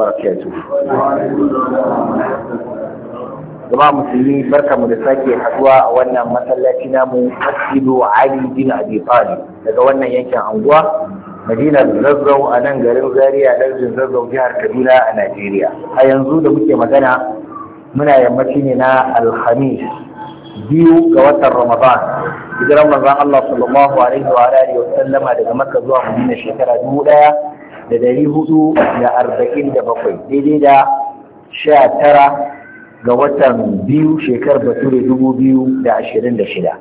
وبركاته jama'a musulmi barka mu da sake haduwa a wannan masallaci namu masjidu ali bin abi talib daga wannan yankin anguwa madinar zazzau a nan garin zaria lardin zazzau jihar kaduna a najeriya a yanzu da muke magana muna yammaci ne na alhamis biyu ga watan ramadan hijiran manzon allah sallallahu alaihi wa alihi wa sallama daga makka zuwa madina shekara dubu daya da dari hudu da arba'in da bakwai daidai da sha tara ga watan biyu shekarar bature dubu biyu da ashirin da shida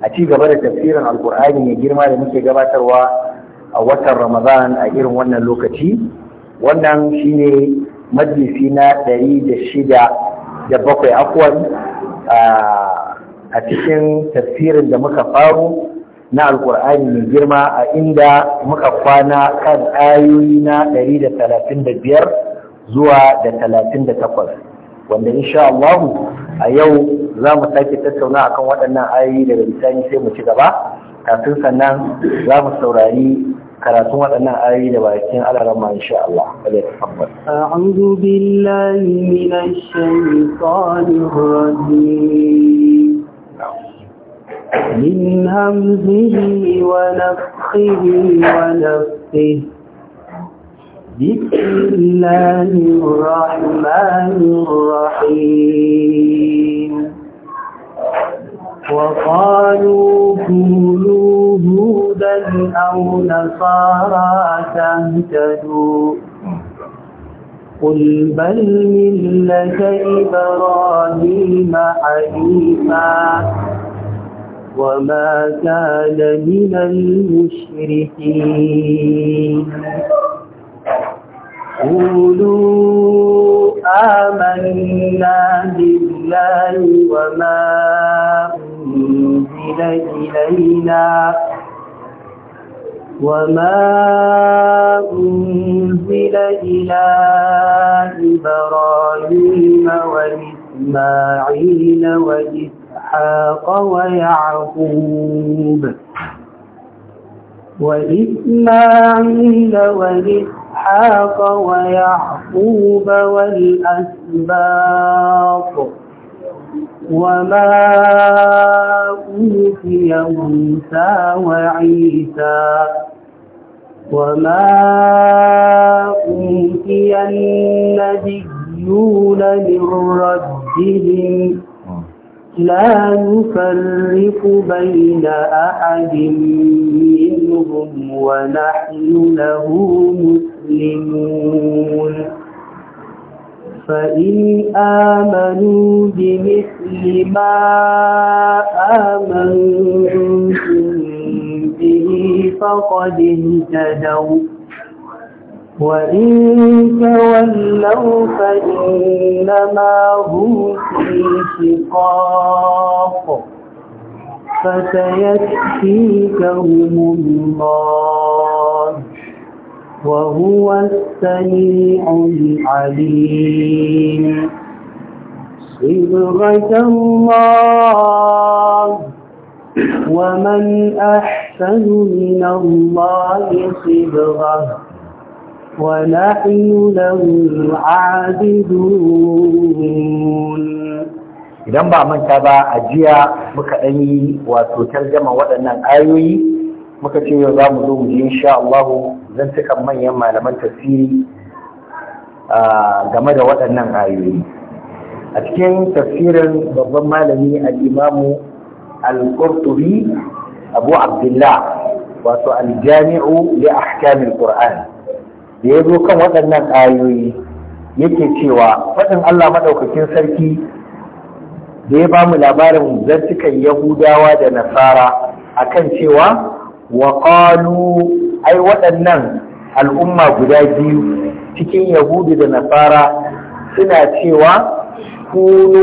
a ci gaba da tafsirin alkur'ani mai girma da muke gabatarwa a watan ramadan a irin wannan lokaci wannan shine majalisi na ɗari da shida da bakwai akwai a cikin tafsirin da muka faru na alkur'ani mai girma a inda muka kwana kan ayoyi na 135 zuwa da 38 wanda insha Allah a yau za mu sake tattauna akan waɗannan ayoyi daga bisani sai mu ci gaba kafin sannan za mu saurari karatun waɗannan ayoyi da bakin alarama insha Allah kada ta tabbata a'udhu billahi minash shaitanir rajim من همزه ونفخه ونفخه بسم الله الرحمن الرحيم وقالوا كونوا هودا أو نصارى تهتدوا قل بل ملة إبراهيم حنيفا وما كان من المشركين قولوا آمنا بالله وما أنزل إلينا وما أنزل إلى إبراهيم وإسماعيل وإسماعيل إسحاق ويعقوب وإسماعيل وإسحاق ويعقوب والأسباط وما أوتي موسى وعيسى وما أوتي النبيون من ربهم لا نفرق بين أحد منهم ونحن له مسلمون فإن آمنوا بمثل ما آمنتم به فقد اهتدوا وإن تولوا فإنما هم في شقاق فسيكفيكهم الله وهو السميع العليم صبغة الله ومن أحسن من الله صبغه ونحن له عابدون idan ba manta ba a jiya muka ɗan yi wato tarjama waɗannan ayoyi muka ce yau za mu zo mu ji insha allahu zan cika manyan malaman tafsiri game da waɗannan ayoyi a cikin tafsirin babban malami al-imamu al-qurtubi abu abdullah wato al-jami'u li ahkamil al-qur'an da ya zo kan waɗannan ayoyi yake cewa faɗin Allah maɗaukakin sarki da ya ba mu labarin zartukan Yahudawa da Nasara a kan cewa waƙalu ai waɗannan al'umma guda biyu cikin Yahudu da Nasara suna cewa kuno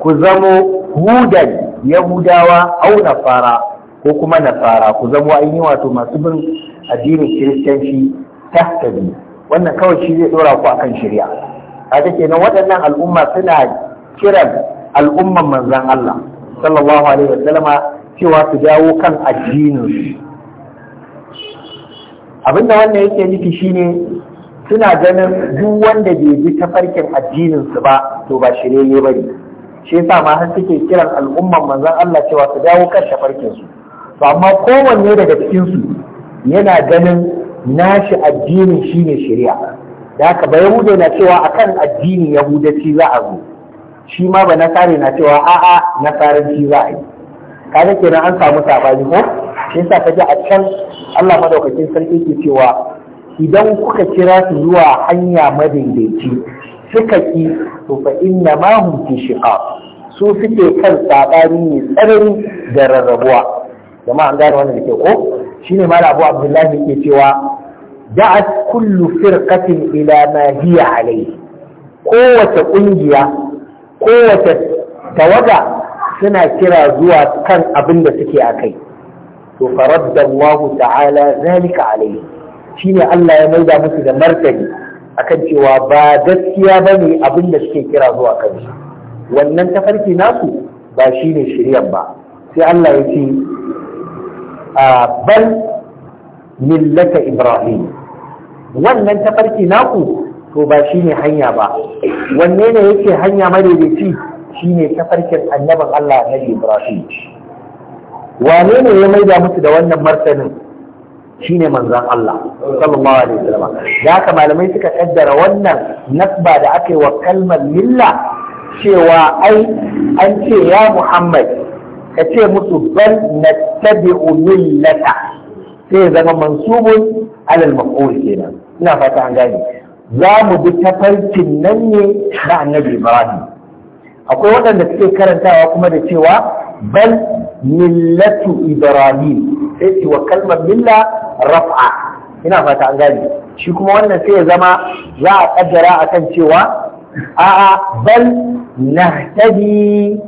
ku zamo hudan Yahudawa au Nasara ko kuma Nasara ku zamo ainihin wato masu bin addinin Kiristanci tahtadi wannan kawai shi zai dora ku akan shari'a kaga kenan waɗannan al'umma suna kiran al'umman manzon Allah sallallahu alaihi wasallama cewa su dawo kan addinin abinda wannan yake nufi shine suna ganin duk wanda bai bi tafarkin addinin su ba to ba shirye ba ne shi yasa ma har suke kiran al'umman manzon Allah cewa su dawo kan tafarkin su to amma kowanne daga cikin su yana ganin nashi addinin shine shari'a da haka ba yahuda na cewa akan addini yahudaci za a zo shi ma ba nasare na cewa a'a nasaranci za a yi kaga kenan an samu sabani ko shi yasa kaje a can Allah madaukakin sarki ke cewa idan kuka kira su zuwa hanya madaidaici suka ki to fa inna ma hum fi shiqaq su suke kan sabani ne tsanani da rarrabuwa jama'a an gane wannan da ke ko shine mala abu abdullahi ke cewa da'at kullu firqatin ila ma hiya alayhi kowace kungiya kowace tawaga suna kira zuwa kan abin da suke a kai to faradda Allah ta'ala zalika alayhi shine Allah ya maida musu da martani akan cewa ba gaskiya bane abin da suke kira zuwa kan shi wannan tafarki nasu ba shine shiryan ba sai Allah ya ce bal millata ibrahim wannan tafarki naku to ba shi ne hanya ba wanne ne yake hanya madaidaici shine tafarkin annabin Allah na ibrahim wane ne ya maida musu da wannan martanin shine manzon manzan Allah sallallahu alaihi wasallam da aka malamai suka kaddara wannan nasba da aka yi wa kalmar milla cewa ai an ce ya muhammad ka ce musu bal nattabi'u millata sai zama mansubun alal maf'ul kenan ina fata an gane za mu bi tafarkin nan ne na annabi Ibrahim akwai waɗanda suke karantawa kuma da cewa bal millatu Ibrahim sai ce wa kalmar milla raf'a ina fata an gane shi kuma wannan sai ya zama za a kaddara akan cewa a'a bal nahtadi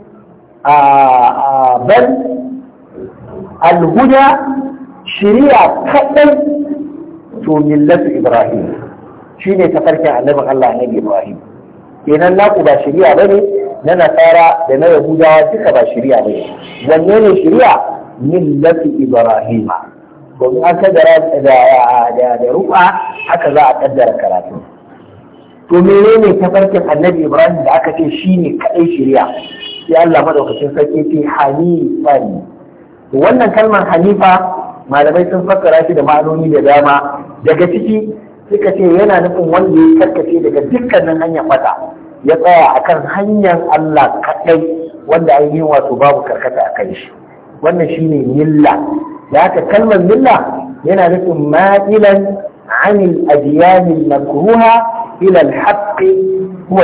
bal alhuda shiriya kaɗai to millatu ibrahim shine tafarkin annabin Allah annabi ibrahim kenan naku ba shiriya bane na nasara da na yahudawa duka ba shiriya bane wanne ne shiriya millatu ibrahim domin an kaddara da da ru'a haka za a kaddara karatu to menene tafarkin annabi ibrahim da aka ce ne kadai shari'a sai Allah madaukakin sarki ce hanifan wannan kalmar hanifa malamai sun fassara shi da ma'anoni da dama daga ciki suka ce yana nufin wanda ya karkace daga dukkanin hanyar fata ya tsaya akan hanyar Allah kaɗai wanda yi wato babu karkata a kan shi wannan shine milla da haka kalmar milla yana nufin ma'ilan anil adiyanin makruha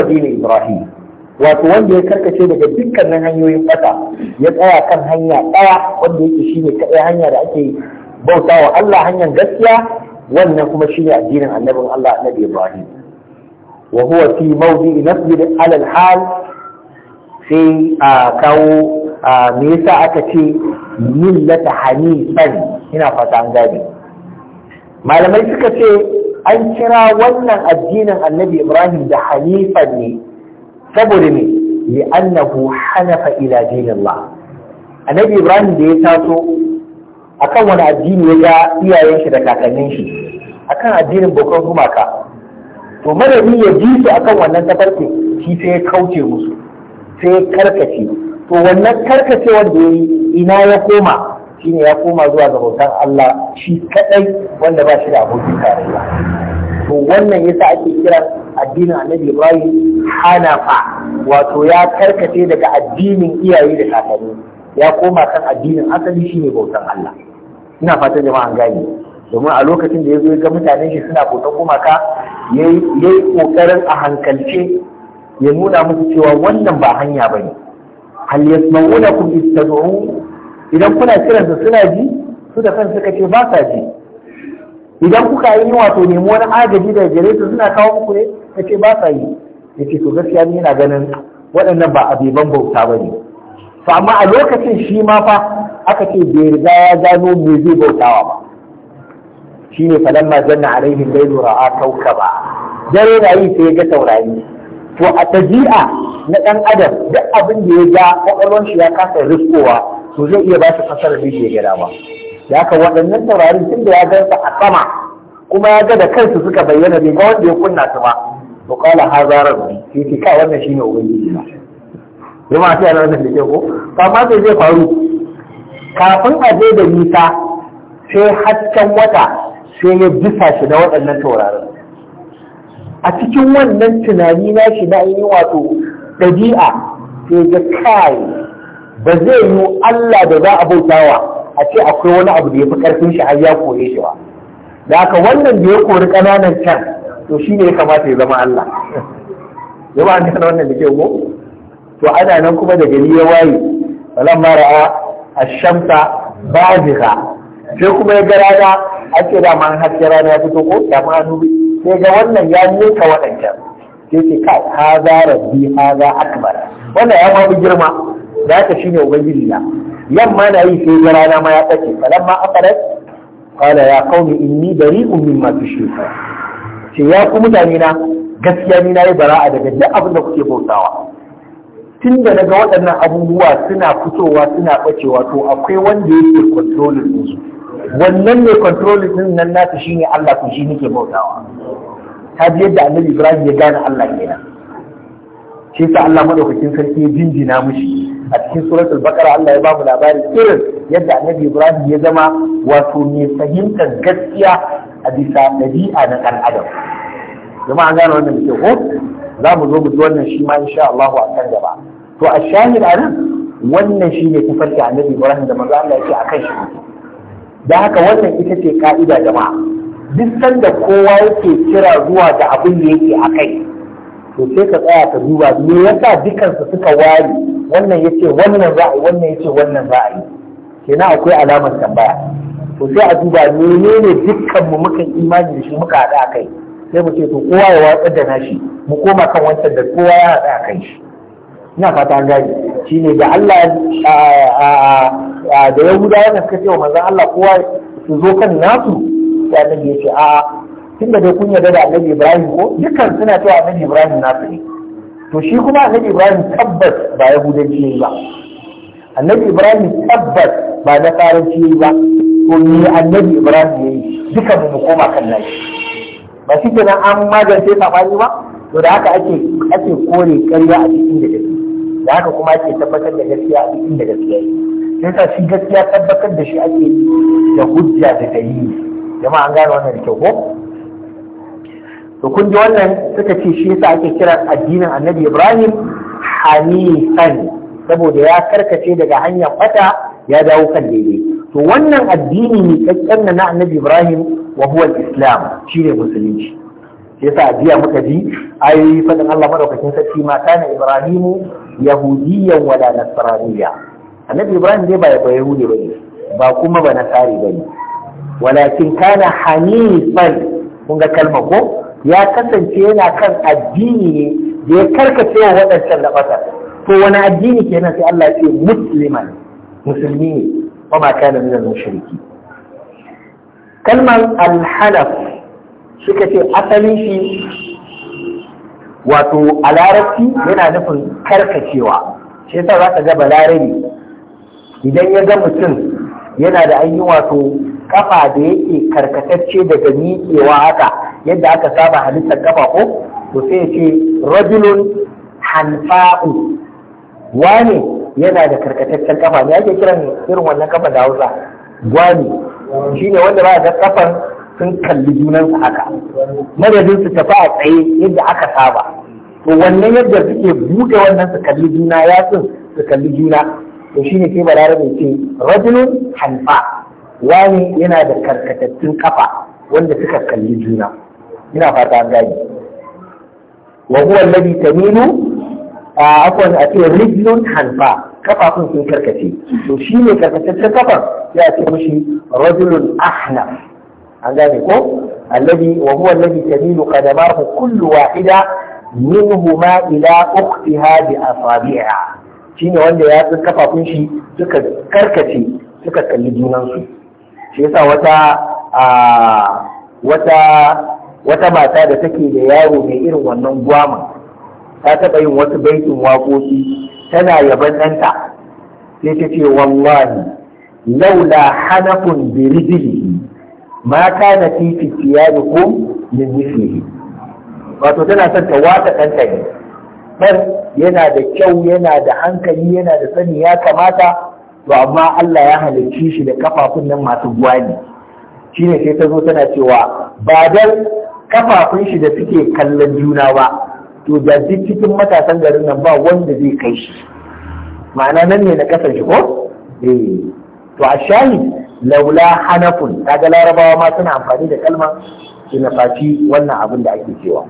ila ibrahim wato wanda ya karkace daga dukkanin hanyoyin bata ya tsaya kan hanya ɗaya, wanda yake shine kadai hanya da ake bautawa Allah hanyar gaskiya wannan kuma shine addinin annabin Allah annabi Ibrahim wa huwa fi mawdi'i nasbir ala hal sai a kawo me yasa aka ce millata hanifan ina fata an gane malamai suka ce an kira wannan addinin annabi ibrahim da hanifan ne saboda me li'annahu hanafa ila dinillah annabi ibrahim da ya taso akan wani addini ya ga iyayen shi da kakannin shi akan addinin bokon gumaka to madadi ya ji su akan wannan tafarki shi sai ya kauce musu sai ya karkace to wannan karkace wanda ya yi ina ya koma shine ya koma zuwa ga bautan Allah shi kadai wanda ba shi da abokin tarayya to wannan yasa ake kiran addinin Annabi Ibrahim hanafa wato ya karkace daga addinin iyaye da kakanni ya koma kan addinin asali shine bautan Allah ina fatan jama'a an gane domin a lokacin da ya zo ga mutanen shi suna bautan gumaka ya yi kokarin a hankalce ya nuna musu cewa wannan ba hanya ba ne hal yasma'una kum istad'u idan kuna kiransu suna ji su da kansu suka ce ba sa ji idan kuka yi wato nemo wani agaji daga gare su suna kawo muku ne ya ce ba sa yi Da ke to gaskiya ni yana ganin waɗannan ba ban bauta ba ne to amma a lokacin shi ma fa aka ce bai riga ya gano me zai bautawa ba shi ne falamma janna alaihi laylu ra'a ba. dare da yi sai ya ga taurari to a tabi'a na ɗan adam duk abin da ya ga kwakwalwar shi ya kasa riskowa to zai iya ba shi kasar da ya gada ba da haka waɗannan taurarin tun da ya gansa a sama kuma ya ga da kansu suka bayyana bai ba wanda ya kunna su ba to qala hadha rabbi sai ce kai wannan shine ubangiji na jama'a sai Allah da ke ko to amma sai zai faru kafin a je da nisa sai hasken wata sai ya bisa shi da waɗannan taurarin a cikin wannan tunani na shi na yi wato ɗabi'a sai ga kai ba zai yi Allah da za a bautawa a ce akwai wani abu da ya fi karfin shi har ya kore shi ba da aka wannan da ya kori ƙananan can to shi ne ya kamata ya zama Allah ya an gane wannan da ke ko to ana nan kuma da gari ya waye falan mara a shamsa baziha sai kuma ya ga rana ake ce da man haske rana ya fito ko ya ma hannu sai ga wannan ya ninka waɗancan sai ce kai haza rabbi haza akbar wannan ya ma girma da haka shine ubangiji na yamma na yi sai ga rana ma ya tsace falamma aqarat qala ya qaumi inni bari'un mimma tushrikun ce ya ku mutane na gaskiya ni nayi bara'a daga duk abin da kuke bautawa tun da naga waɗannan abubuwa suna fitowa suna ɓacewa, to akwai wanda yake controlling din wannan ne controlling din nan nasu shine Allah ku shi nake bautawa ta yadda Annabi Ibrahim ya gane Allah kenan shi Allah madaukakin sarki ya jinjina mushi a cikin suratul baqara Allah ya bamu labarin irin yadda annabi Ibrahim ya zama wato mai fahimtar gaskiya a bisa dabi'a na ɗan adam kuma an gane wannan muke ko za mu zo mu ji wannan shi ma insha Allah a kan gaba to a shahid a nan wannan shi ne tafarki annabi Ibrahim da manzo Allah yake akan shi da haka wannan ita ce ka'ida jama'a duk sanda kowa yake kira zuwa da abin da yake akai to sai ka tsaya ka duba me yasa dukansu suka ware wannan yace wannan za a yi wannan yace wannan za a yi kenan akwai alamar tambaya to sai a duba menene dukkan mu muka imani da shi muka hada kai sai mu ce to kowa ya watsar da nashi mu koma kan wancan da kowa ya hada kai shi ina fata an gani shine da Allah da Yahudawa da suka ce wa manzon Allah kowa su zo kan nasu sai annabi ya ce a'a tun da dai kun yarda da annabi ibrahim ko dukkan suna cewa annabi ibrahim na ne to shi kuma annabi ibrahim tabbas ba yahudanci ne ba annabi ibrahim tabbas ba na karanci ne ba to ni annabi ibrahim ya yi duka mu koma kan nashi ba shi nan an magance sabani ba to da haka ake ake kore ƙarya a cikin da gaske da haka kuma ake tabbatar da gaskiya a cikin da gaskiya sai sa shi gaskiya tabbatar da shi ake da hujja da dalili jama'a an gane wannan da kyau ko to kun ji wannan suka ce shi yasa ake kiran addinin annabi ibrahim hanifan saboda ya karkace daga hanyar fata ya dawo kan daidai to wannan addini ne kakkan na annabi ibrahim wa huwa islam shine musulunci yasa jiya muka ji ayoyi fadin Allah madaukakin sarki ma kana ibrahimu yahudiyyan wala nasraniyya annabi ibrahim dai ba yahudi bane ba kuma ba nasari bane walakin kana hanifan kun ga kalma ko ya kasance yana kan addini ne da ya karkace wa waɗancan da to wani addini kenan sai Allah ce musliman musulmi ne wa ma kana min mushriki kalmar al suka ce asalin shi wato a larabci yana nufin karkacewa shi yasa za ka ga balarabi idan ya ga mutum yana da yi wato kafa da yake karkatacce daga miƙewa haka yadda aka saba halittar kafa ko to sai ce rajulun hanfa'u Wani yana da karkataccen kafa ne ake kiran irin wannan kafa da Hausa gwani ne wanda ba ga kafan sun kalli junansu haka madadin su tafi a tsaye yadda aka saba to wannan yadda suke buɗe wannan su kalli juna sun su kalli juna to shine sai mai ce rajulun hanfa wani yana da karkatattun kafa wanda suka kalli juna ina fata an gani wa huwa alladhi tamilu akwai a ce rijlun hanfa kafafun sun karkace to shi ne karkataccen kafan ya ce mishi rajulun ahnaf an gane ko alladhi wa huwa alladhi tamilu qadamahu kullu wahida minhuma ila ukhtiha bi asabi'a shine wanda ya tsin kafafun shi suka karkace suka kalli junansu shi yasa wata wata wata mata da take da yaro mai irin wannan gwama ta taɓa yin wasu baitin waƙoƙi tana yaban ɗanta sai ta ce wallahi laula hanafun bi Mata ma kana ko? fitiyanukum min mithlihi wato tana son ta wata ɗanta ne ɗan yana da kyau yana da hankali yana da sani ya kamata to amma Allah ya halicci shi da kafafun nan masu gwani shine sai ta zo tana cewa ba dan kafafun shi da suke kallon juna ba to da duk cikin matasan garin nan ba wanda zai kai shi ma'ana nan ne na kasar shi ko eh to a shahid laula hanafun kaga larabawa ma suna amfani da kalma suna faci wannan abin da ake cewa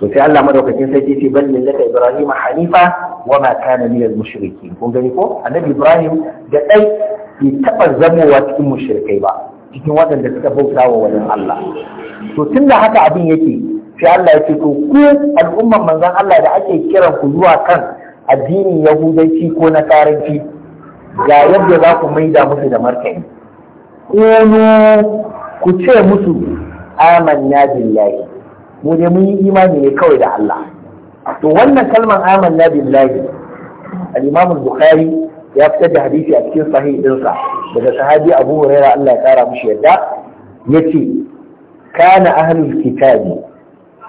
to sai Allah madaukakin sai ce bal millata ibrahim hanifa wa ma kana minal mushrikin kun gani ko annabi ibrahim da dai bai taba zamowa cikin mushrikai ba cikin waɗanda suka bauta wa Allah to tun da haka abin yake sai Allah ya ce to ku al'umman manzon Allah da ake kiran ku zuwa kan addinin yahudanci ko na karanci ga yadda za ku maida musu da martani kono ku ce musu amanna billahi mu ne mun yi imani ne kawai da Allah to wannan kalmar amanna billahi al-Imam al-Bukhari ya fitar da hadisi a cikin sahih ɗinsa daga sahabi abu huraira Allah ya kara mishi yadda ya ce kana ahlul kitabi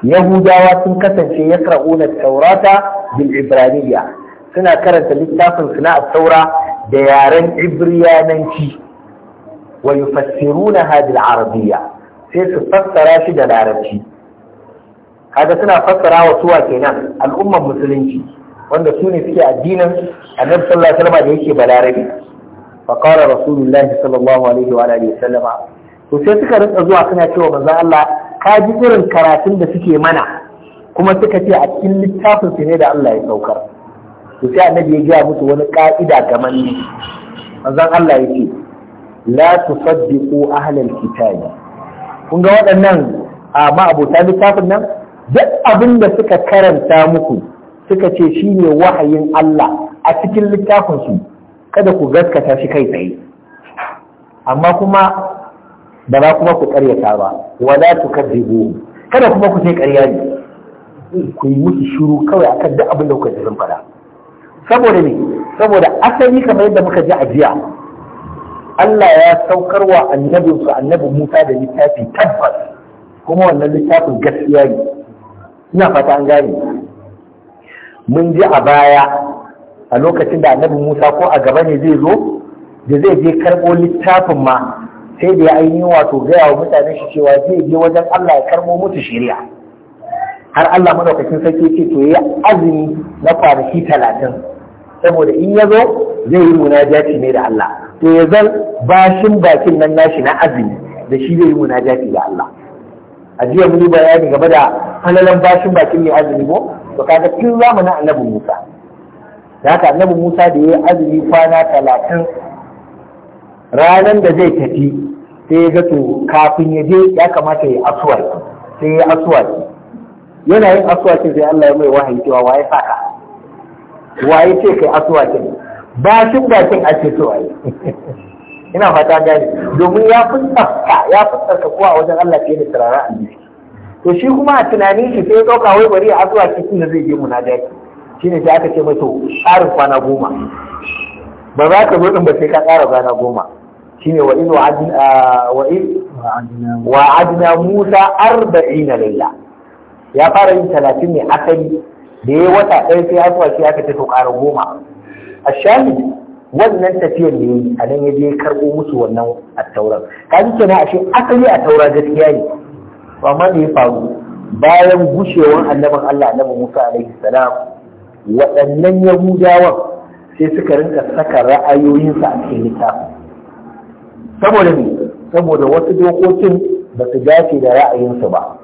yahudawa sun kasance ya taurata bil ibramiya suna karanta littafin suna taura da yaren ibriyananci wa yufassiruna hadil arabiyya sai su fassara shi da larabci kaga suna fassara wa suwa kenan al'umman musulunci wanda su ne suke addinin annabi sallallahu alaihi wasallam da yake balarabi fa qala rasulullahi sallallahu alaihi wa alihi wasallama to sai suka rinka zuwa suna cewa manzon Allah ka ji irin karatun da suke mana kuma suka ce a cikin littafin su ne da Allah ya saukar to sai annabi ya gaya musu wani ka'ida ga manni manzon Allah yake la tusaddiqu ahlal kitabi kun ga waɗannan a littafin nan duk abin da suka karanta muku suka ce shi ne wahayin Allah a cikin littafinsu kada ku gaskata shi kai tsaye amma kuma ba za kuma ku karyata ba wala tu kadhibu kada kuma ku sai karya ne ku yi musu shiru kawai akan duk abin da kuka ji sun faɗa saboda ne saboda asali kamar yadda muka ji a jiya Allah ya saukarwa annabinsu annabi Musa da littafi tabbas kuma wannan littafin gaskiya ne ina fata an gane mun ji a baya a lokacin da annabi Musa ko a gaba ne zai zo da zai je karɓo littafin ma sai da ya ainihin wato gaya wa mutane shi cewa zai je wajen Allah ya karɓo musu shari'a har Allah madaukakin sarki ce to ya azumi na kwanaki talatin saboda in ya zo zai yi munajaci ne da Allah to ya zan bashin bakin nan nashi na azumi da shi zai yi munajaci da Allah a jiya mun yi bayani game da halalan bashin bakin ne azumi ko to kaga tun zamanin annabi Musa da haka annabi Musa da yayi azumi kwana talatin ranan da zai tafi sai ya ga to kafin ya je ya kamata ya asuwa sai ya asuwaki yana yin asuwakin sai Allah ya mai wahayi cewa waye saka waye ce kai asuwakin ba shi bakin ake so ayi ina fata gani domin ya fuskanta ya fuskanta kowa wajen Allah ke da tsirara annabi to shi kuma a tunanin shi sai ya ɗauka wai bari a zuwa cikin da zai je shi. shine sai aka ce mai to tsarin kwana goma ba za ka zo din ba sai ka tsara kwana goma Shi ne wa'in wa in Musa adna na arba'ina ya fara yin talatin ne asali da ya wata ɗaya sai ya zuwa shi aka ce to ƙara goma a shahid wannan tafiyar da yi a nan ya je karɓo musu wannan a tauran kaji kenan ashe asali a taura gaskiya ne to amma ya faru bayan gushewan annabin Allah annabi Musa alaihi salam waɗannan yahudawa sai suka rinka saka ra'ayoyinsa a cikin littafin saboda ne saboda wasu dokokin ba su dace da ra'ayinsu ba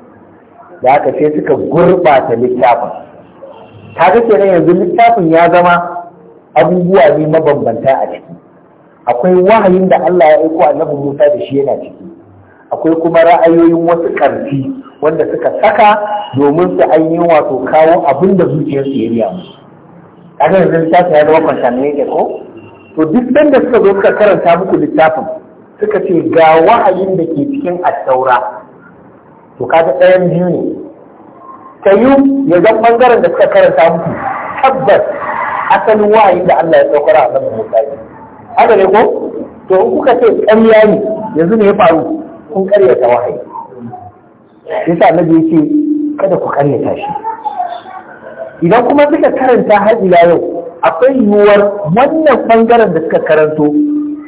da haka sai suka gurɓata littafin kaga kenan yanzu littafin ya zama abubuwa ne mabambanta a ciki akwai wahayin da Allah ya aiko annabi Musa da shi yana ciki akwai kuma ra'ayoyin wasu ƙarfi wanda suka saka domin su ainihin wato kawo abin da zuciyarsu ya riya musu kaga yanzu littafin ya zama contaminated ko to duk ɗan da suka zo suka karanta muku littafin suka ce ga wa'ayin da ke cikin attaura to kaga ɗayan biyu ne ta ya zan ɓangaren da suka karanta muku tabbas asalin wa'ayin da Allah ya saukar a nan Musa haka ne ko to in kuka ce ƙarya ne yanzu ne ya faru kun karyata wahayi yasa annabi yake kada ku karyata shi idan kuma suka karanta har ila yau akwai yiwuwar wannan bangaren da suka karanto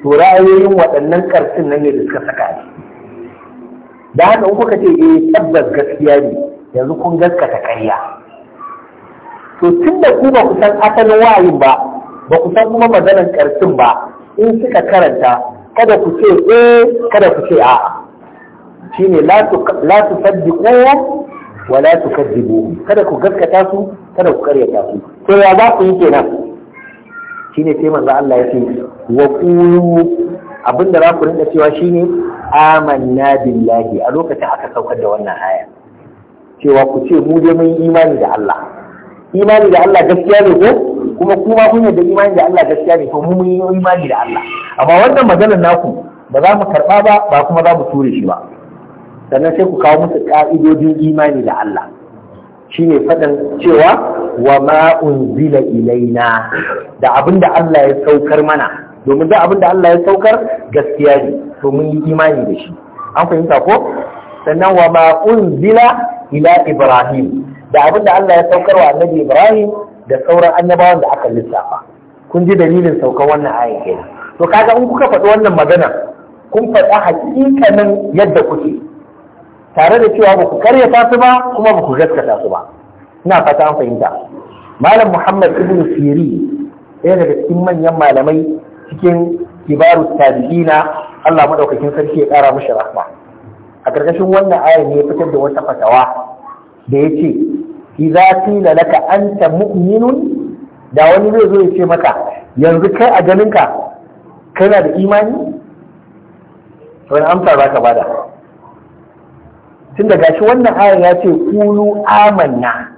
to ra'ayoyin waɗannan karfin nan ne da suka saka ne da haka in kuka ce eh tabbas gaskiya ne yanzu kun gaskata karya to tun da ku ba ku san asalin wayin ba ba ku san kuma maganar karfin ba in suka karanta kada ku ce eh kada ku ce a'a shine la tusaddiqu wa la tukadibu kada ku gaskata su kada ku karyata su to ya za ku yi kenan shine sai manzo Allah ya ce wa qulu abinda za ku rinka cewa shine amanna billahi a lokacin aka saukar da wannan aya cewa ku ce mu dai mun imani da Allah imani da Allah gaskiya ne ko kuma kuma kun yarda imani da Allah gaskiya ne ko mu mun yi imani da Allah amma wannan maganar naku ba za mu karba ba ba kuma za mu ture shi ba sannan sai ku kawo musu ƙa'idodin imani da Allah shine faɗin cewa wa ma unzila ilaina da abinda Allah ya saukar mana domin da abinda Allah ya saukar gaskiya ne to mun yi imani da shi an fahimta ko sannan wa unzila ila ibrahim da abinda Allah ya saukar wa annabi ibrahim da sauran annabawan da aka lissafa kun ji dalilin saukar wannan ayin kenan to kaga in kuka faɗi wannan magana kun faɗi hakikanin yadda kuke tare da cewa ba ku karyata su ba kuma ba ku gaskata su ba ina fata an fahimta malam muhammad ibn siri ɗaya daga cikin manyan malamai cikin kibaru tabi'ina Allah maɗaukakin sarki ya ƙara mishi rahma a ƙarƙashin wannan ayar ne ya fitar da wata fatawa da ya ce idza qila laka anta mu'minun da wani zai zo ya ce maka yanzu kai a ganinka kana da imani wani amsa za ka bada tun da gashi wannan ayan ya ce kulu amanna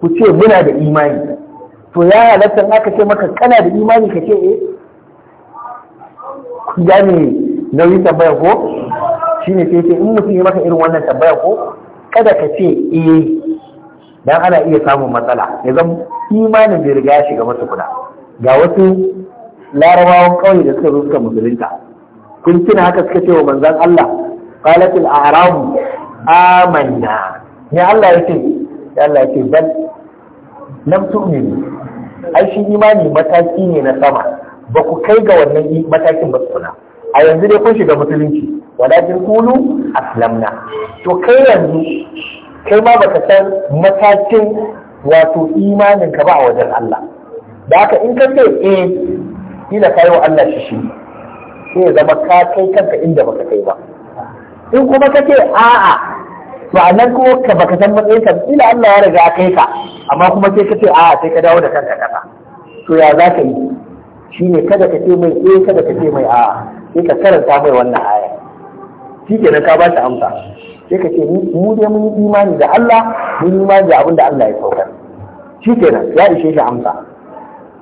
ku ce muna da imani to ya halatta aka ce maka kana da imani ka ce eh ku gane nauyi tambaya ko shine sai ce in mutum ya maka irin wannan tambaya ko kada ka ce eh dan ana iya samun matsala ya zama imanin bai riga ya shiga masa kuda ga wasu larabawan kauye da suka zo suka musulunta kun tuna haka suka ce wa manzon Allah qalatil a'rabu amanna ya Allah yake ya Allah yake bal lam tu'minu ai shi imani mataki ne na sama ba ku kai ga wannan matakin ba tsuna a yanzu dai kun shiga musulunci walakin kulu aslamna to kai yanzu kai ma baka san matakin wato imanin ka ba a wajen Allah da haka in ka ce eh kila kai wa Allah shi shi sai zama ka kai kanka inda baka kai ba in kuma ka ce a'a to a nan kuma ka baka san matsayin ka ila Allah ya riga kai ka amma kuma sai ka ce a'a sai ka dawo da kanka kasa to ya za ka yi shine kada ka ce mai eh kada ka ce mai a'a sai ka karanta mai wannan aya shikenan ka ba shi amsa sai ka ce mu dai mun yi imani da Allah mun yi imani da abin da Allah ya saukar shikenan ya ishe shi amsa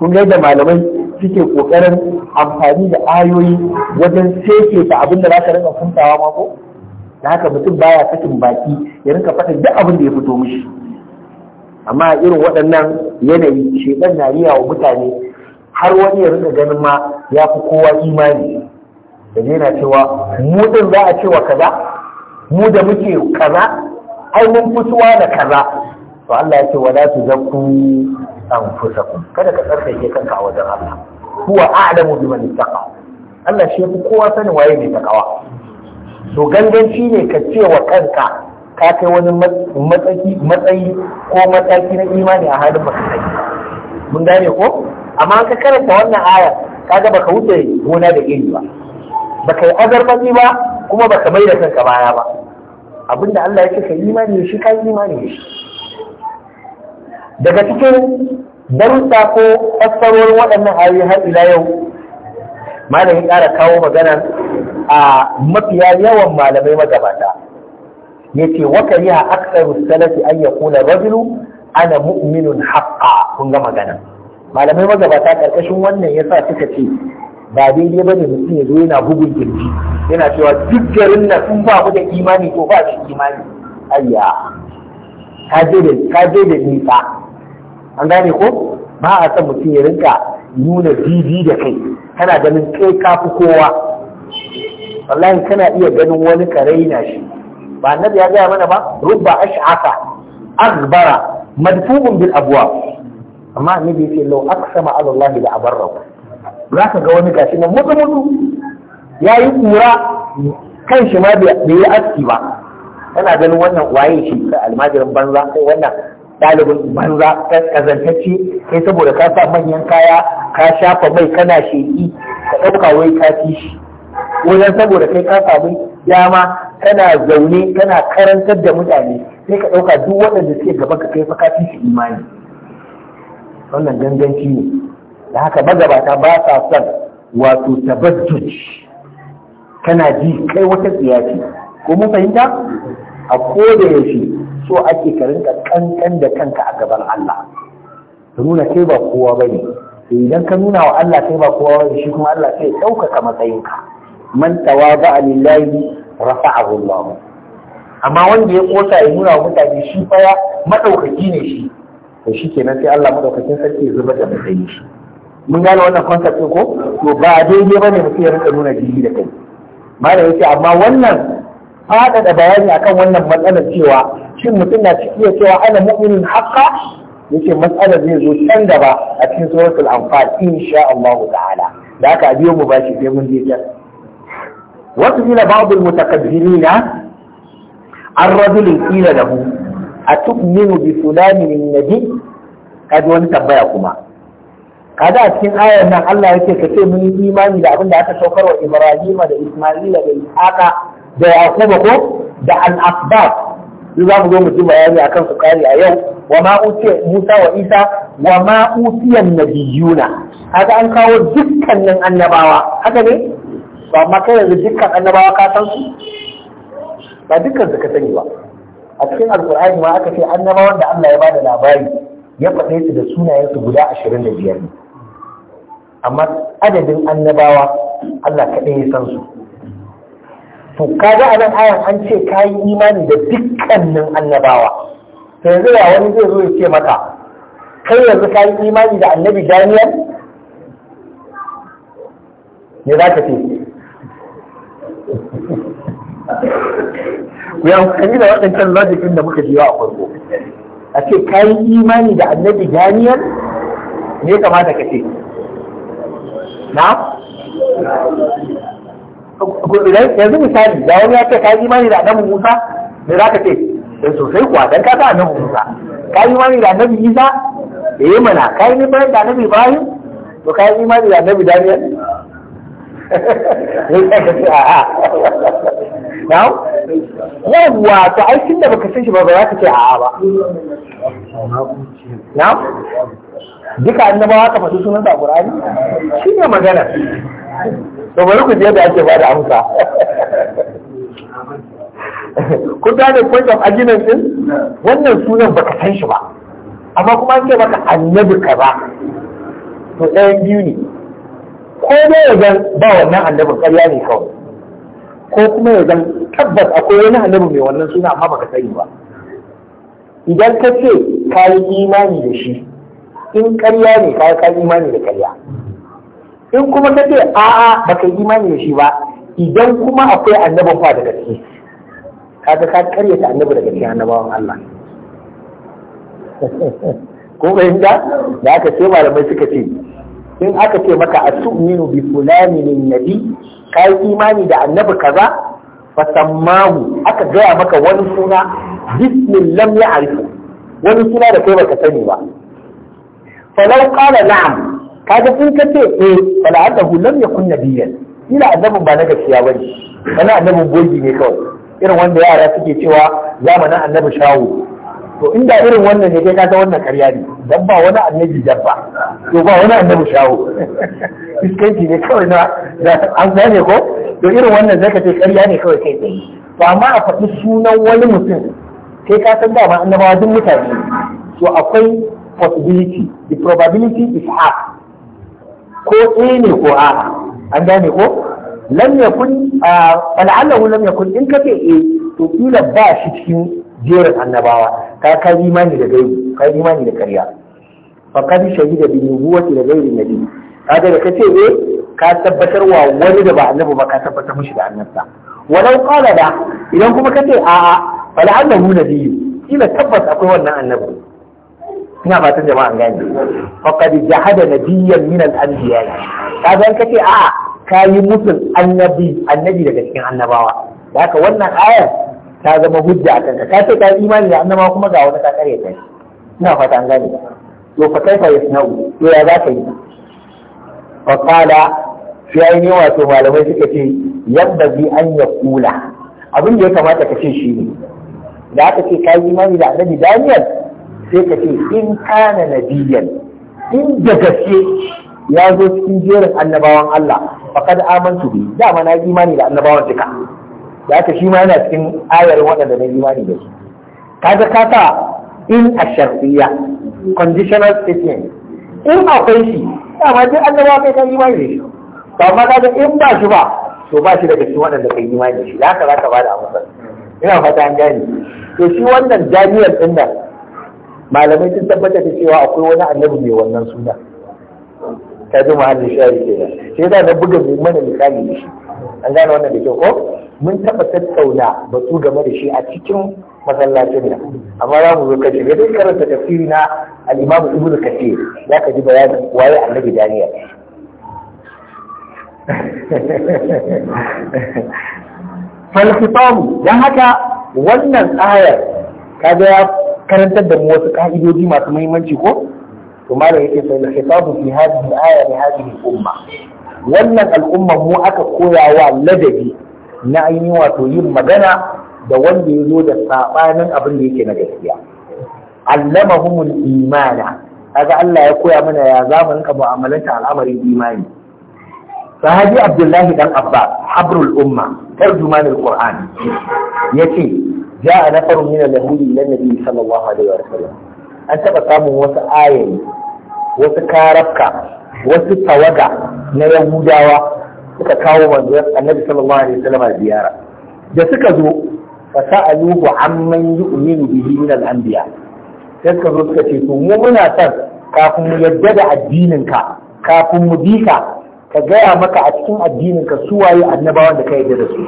kun ga yadda malamai suke kokarin amfani da ayoyi wajen ke ta abin da za ka rinka kuntawa mako da haka mutum baya sakin baki ya rinka fata duk abin da ya fito mishi amma irin waɗannan yanayi shekar na riya wa mutane har wani ya rinka ganin ma ya fi kowa imani da na cewa mu za a cewa kaza mu da muke kaza ai mun fitowa da kaza to Allah ya ce wala tuzakku anfusakum kada ka tsarkake kanka a wajen Allah huwa a'lamu biman ittaqa Allah shi yafi kowa sani waye ne takawa so ganganci ne ka ce wa kanka ka kai wani matsayi ko mataki na imani a halin baka mun gane ko amma ka karanta wannan ka kaga baka wuce gona da iri ba baka yi azarbaɗi ba kuma baka mai da kanka baya ba abinda Allah ya ce ka imani shi ka imani shi daga cikin darussa ko fassarorin waɗannan ayoyi har ila yau malamin ya ƙara kawo magana a mafiya yawan malamai magabata yace wa a aktsaru salafi an yakuna rajulu ana mu'minun haƙa kun ga magana malamai magabata ƙarƙashin wannan ya sa suka ce ba daidai bane mutum ya zo yana bugun kirji yana cewa duk garin nan in ba mu da imani to ba shi imani ayya ka je da da nisa an gane ko ba a san mutum ya rinka nuna bibi da kai kana ganin kai kafi kowa wallahi kana iya ganin wani ka raina shi ba annabi ya gaya mana ba rubba ash'aka azbara madfu'un bil abwa amma annabi yace law aqsama ala Allah la abarrahu zaka ga wani gashi nan mutu mutu yayi kura kan shi ma bai yi aski ba kana ganin wannan waye shi sai almajirin banza sai wannan ɗalibin banza kazantacce kai saboda ka sa manyan kaya ka shafa mai kana sheƙi ka ɗauka wai ka ci shi wajen saboda kai ka samu dama kana zaune kana karantar da mutane sai ka ɗauka duk waɗanda suke gaba ka kai faka kafin su imani wannan ganganci ne da haka magabata ba sa son wato tabajjuj kana ji kai wata tsiyaci ko mun fahimta a da yaushe so ake ka rinka kankan da kanka a gaban Allah ka nuna kai ba kowa bane idan ka nuna wa Allah kai ba kowa bane shi kuma Allah sai ya ɗaukaka matsayinka man tawaba lillahi rafa'ahu Allah amma wanda ya kosa ya nuna wa mutane shi faya madaukaki ne shi to shikenan sai Allah madaukakin sarki ya zuba da matsayin shi mun gane wannan concept ko to ba daidai bane mutum ya rika nuna jini da kai malam yace amma wannan faɗaɗa bayani akan wannan matsalar cewa shin mutum na cikin ya cewa ana mu'minin haqqa yace matsalar zai zo can gaba a cikin suratul anfal insha Allah ta'ala da haka a biyo mu bashi sai mun je can wasu ila babu mutakabbirina an rajulin ila lahu a tu'minu bi fulani min wani tambaya kuma kada a cikin ayar nan Allah yake ka ce mun imani da abin da aka saukar wa Ibrahima da Isma'ila da Ishaqa da Yaquba ko da al-asbab In za mu zo mu ji bayani akan su kare a yau wa ma utiya Musa wa Isa wa ma nabiyuna kaga an kawo dukkanin annabawa haka ne ba ma kai yanzu dukkan annabawa ka san su ba dukkan su ka sani ba a cikin alkur'ani ma aka ce annabawan da Allah ya bada labari ya faɗe su da sunayen su guda ashirin da biyar amma adadin annabawa Allah kaɗai ya san su to kaga a nan ayan an ce ka yi imani da dukkanin annabawa to yanzu ya wani zai zo ya ce maka kai yanzu ka yi imani da annabi Daniel me za ka ce ku yi amfani da waɗancan logikin da muka jiwa a farko a ce ka yi imani da annabi daniyar, ne kamata ka ce na yanzu misali da wani ya ce ka yi imani da annabi musa ne za ka ce da eh, sosai kuwa don ka sa annabi musa ka yi imani da annabi isa da eh, yi mana ka yi imani da annabi bayan to ka yi imani da annabi daniyar. yawwa to ai tun da baka san shi ba ba za ka ce a'a ba na duka ba ka faɗi sunan sa Qur'ani shi ne magana to bari ku je da ake ba da amsa kun gane point of argument din wannan sunan baka san shi ba amma kuma an ce ka annabi kaza to ɗayan biyu ne ko dai ya zan ba wannan annabin ƙarya ne kawai ko kuma ya zan tabbas akwai wani annabin mai wannan suna amma baka sani ba idan ka ce ka yi imani da shi in ƙarya ne ka yi imani da ƙarya in kuma ka ce a'a baka yi imani da shi ba idan kuma akwai annabin fa da gaske kaga ka karyata annabi da gaske annabawan Allah ko fahimta da aka ce malamai suka ce in aka ce maka a tu'minu bi fulani min nabi yi imani da annabi kaza fa sammahu aka gaya maka wani suna bismin lam ya'rifu wani suna da kai baka sani ba falau qala na'am ga in ka ce eh fala annahu lam yakun nabiyyan ila annabin ba na gaskiya bane wani annabin bogi ne kawai irin wanda yara suke cewa zamanin annabi shawu to inda irin wannan ne kai ka san wannan karya ne dan ba wani annabi dabba to ba wani annabi shawo iskanci ne kawai na an gane ko to irin wannan zaka ce karya ne kawai kai tsaye to amma a faɗi sunan wani mutum kai ka san dama annabawa duk mutane to akwai possibility the probability is half ko A ne ko A an gane ko lam yakun fal'allahu lam yakun in ka kace a, eh, to kila ba shi cikin jerin annabawa ka ka imani da gaibi ka imani da ƙarya fa kad shahida bi nubuwati da gaibi nabi kaga da kace eh ka tabbatar wa wani da ba annabi ba ka tabbatar mishi da annabta walau qala da idan kuma kace a a fa la'annahu nabiyyu kila tabbas akwai wannan annabi ina fatan jama'an gane fa kad jahada nabiyyan min al-anbiya kaga kace a a yi musul annabi annabi daga cikin annabawa da haka wannan ayar ta zama hujja a kanka ka ce ka imani da annaba kuma ga wani ka kare ta ina fata an gane to fa kaifa yasna'u to ya za ka yi fa qala shi ai ne wato malamai suka ce yadda bi an ya kula abin da ya kamata ka ce shi ne da aka ce ka imani da annabi Daniel sai ka ce in kana nabiyan in da gaske ya zo cikin jerin annabawan Allah faqad amantu bi dama na imani da annabawan duka da aka shi ma yana cikin ayar waɗanda na imani da su kaga ka sa in a sharfiya conditional statement in akwai shi dama duk annaba kai ka imani da shi to amma kaga in ba shi ba to ba shi daga cikin waɗanda kai imani da shi da haka zaka bada amsa ina fata an gane to shi wannan Daniel din nan malamai sun tabbata da cewa akwai wani annabi mai wannan suna ta ji muhallin shari da. sai da na buga mai mana misali da shi an gane wannan da kyau ko mun taɓa tattauna batu game da shi a cikin masallacin nan amma za mu zo ka shiga dai karanta tafsiri na al-Imam Ibn Kathir za ka ji bayanin waye Annabi Daniel falsifamu don haka wannan ayar kaga ya karantar da mu wasu ka'idoji masu muhimmanci ko to malam yake falsifamu fi hadhihi al-aya li hadhihi al-umma wannan al'umma mu aka koyawa ladabi na ainihin wato yin magana da wanda ya zo da saɓanin abin da yake na gaskiya allamahumul imana kaga Allah ya koya mana ya zamanin ka mu'amalanta al'amarin imani sahabi abdullahi dan Abba habrul umma tarjumanul qur'an a ja'a nafarun min al-yahudi ila nabi sallallahu alaihi wa an taɓa samun wasu ayayi wasu karafka wasu tawaga na yahudawa suka kawo manzon annabi sallallahu alaihi wasallam ziyara da suka zo fa sa'aluhu amman yu'minu bihi min al-anbiya sai suka zo suka ce to mu muna son kafin mu yadda da addinin ka kafin mu bi ka ka gaya maka a cikin addinin ka su waye annabawan da ka yadda da su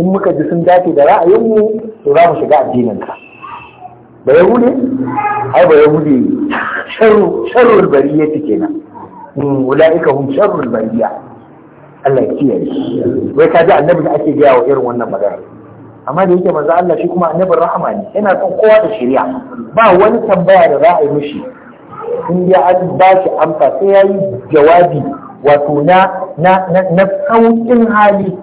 in muka ji sun dace da ra'ayinmu to za mu shiga addinin ka ba yahude ai ba yahude sharru sharrul bariyati kenan hmm, ulaika hum sharrul bariya Allah ya kiyaye wai ka ji annabi da ake gaya wa irin wannan magana amma da yake manzo Allah shi kuma annabin rahama ne yana son kowa da shari'a ba wani tambaya da za a yi mishi in ya an ba shi amsa sai yayi jawabi wato na na na sauƙin hali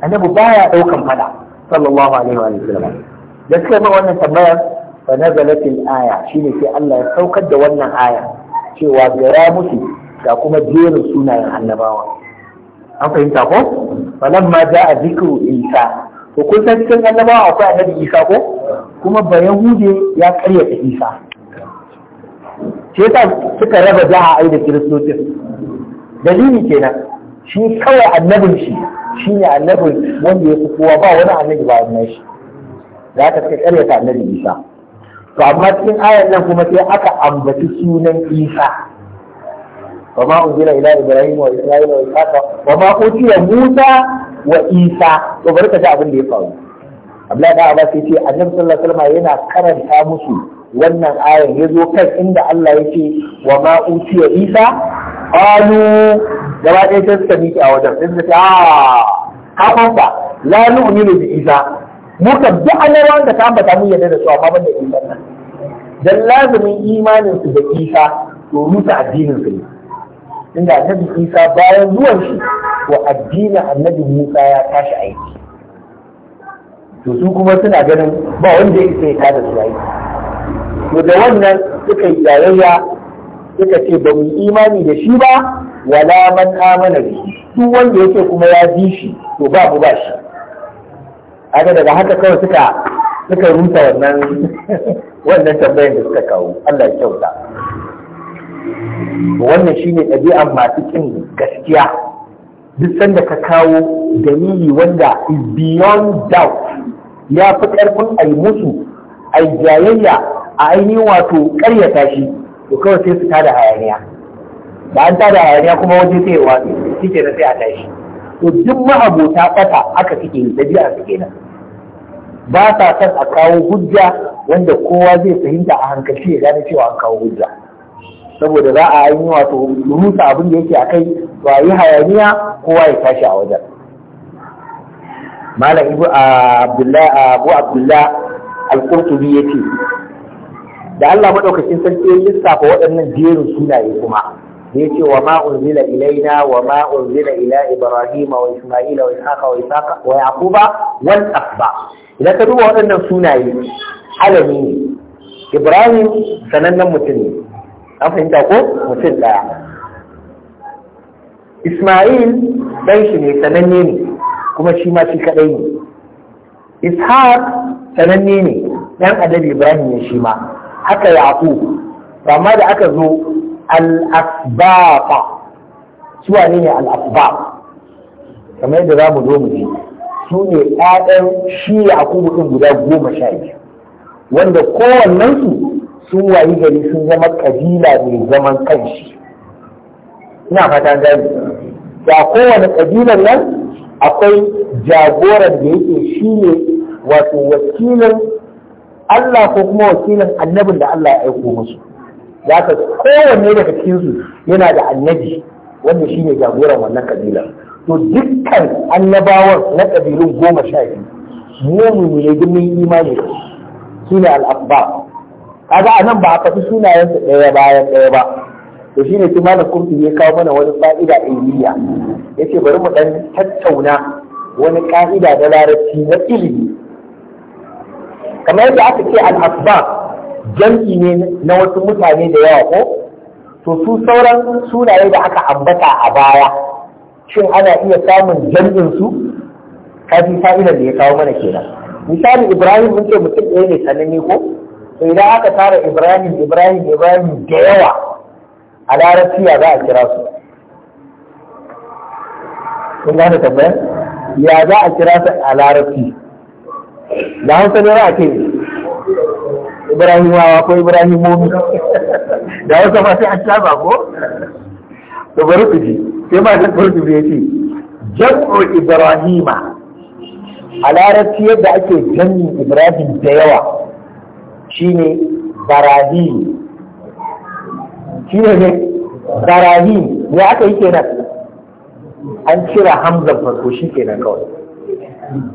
annabi baya daukan fada sallallahu alaihi wa sallam da suka yi wannan tambayar fa nazalat al-aya shine sai Allah ya saukar da wannan aya cewa ga ya mutu ga kuma jerin sunayen annabawa an fahimta ko za a zikru isa to kun san cikin annabawa akwai annabi isa ko kuma ba yahude ya karyata isa ce suka raba jaha ai da kiristocin dalili kenan shi kawai annabin shi shine annabin wanda ya fi kowa ba wani annabi ba wannan shi da ka karya karyata annabi isa to amma cikin ayan nan kuma sai aka ambaci sunan isa وما أنزل إلى إبراهيم وإسرائيل وإسحاق وما أوتي موسى وإيسى وبركة جاء abin da ya faru Abdullahi da Abbas yace Annabi sallallahu alaihi yana karanta musu wannan ayar yazo kan inda Allah yace wa ma utiya Isa qalu gaba ɗaya sai suka miki a wajen sai suka ce ah kafan fa la nu'minu bi Isa muka duk annabawan da ka ambata mun yarda da su amma ban da Isa su Isa rusa addininsu. ne inda annabi isa bayan zuwan shi wa addini annabi musa ya tashi aiki to su kuma suna ganin ba wanda ya isa ya tada su aiki to da wannan suka yi yayayya suka ce ba mu imani da shi ba wala man amana bi duk wanda yake kuma ya bi shi to ba ba shi aga daga haka kawai suka suka rusa wannan wannan tambayar da suka kawo Allah ya kyauta wannan shine ɗabi'ar masu kin gaskiya duk sanda ka kawo dalili wanda is beyond doubt ya fi ƙarfin a yi musu a jayayya a ainihin wato ƙaryata shi to kawai sai su tada hayaniya ba an tada hayaniya kuma waje sai ya wato shi ke sai a tashi to duk mahabota ɓata aka suke yi ɗabi'a su kenan ba sa son a kawo hujja wanda kowa zai fahimta a hankali ya gane cewa an kawo hujja saboda za a yi wato rusa abin da yake a kai to a yi hayaniya kowa ya tashi a wajen malam ibu abu abdullah al-qurtubi yace da Allah madaukakin sarki ya lissafa waɗannan jerin sunaye kuma da yace wa ma unzila ilaina wa ma unzila ila ibrahima wa isma'ila wa ishaqa wa isaqa wa yaquba wal asba idan ka duba waɗannan sunaye alami ibrahim sanannen mutum an fahimta ko mutum ɗaya isma'il ɗan shi ne sananne ne kuma shi ma shi kaɗai ne ishaq sananne ne ɗan adabi ibrahim ne shi ma haka yaqub amma da aka zo al-asbaqa su wane ne al-asbaq kamar yadda za mu zo mu ji su ne ɗan shi yaqubu ɗin guda goma sha biyu wanda kowannensu sun wayi gari sun zama kabila mai zaman kanshi ina fatan gani da kowane kabilar nan akwai jagoran da yake shi ne wato wakilin Allah ko kuma wakilin annabin da Allah ya aiko musu ya ka kowanne daga cikinsu yana da annabi wanda shi ne jagoran wannan kabilar to dukkan annabawan na kabilun goma sha biyu mu ne imani su ne al'abba kaga nan ba a faɗi sunayen su ɗaya bayan ɗaya ba to shine shi malam kurfi ya kawo mana wani fa'ida ilmiya yace bari mu dan tattauna wani ka'ida da larabci na ilimi kamar yadda aka ce al-asba jam'i ne na wasu mutane da yawa ko to su sauran sunaye da aka ambata a baya shin ana iya samun jam'in su kafi fa'idar da ya kawo mana kenan misali ibrahim mun ce mutum ɗaya ne sananne ko to idan aka tara ibrahim ibrahim ibrahim da yawa a larabci ya za a kira su kun gane tambayar ya za a kira su a larabci da hausa ne za a ce ibrahimawa ko ibrahimomi da hausa ba sai a kira ba ko to bari su ji sai ma ta kurtu ya ce jam'u ibrahima a larabci yadda ake jami'in ibrahim da yawa shine baradini shine ne baradini ya aka yi kenan an cira hamzar farko shi kenan kawai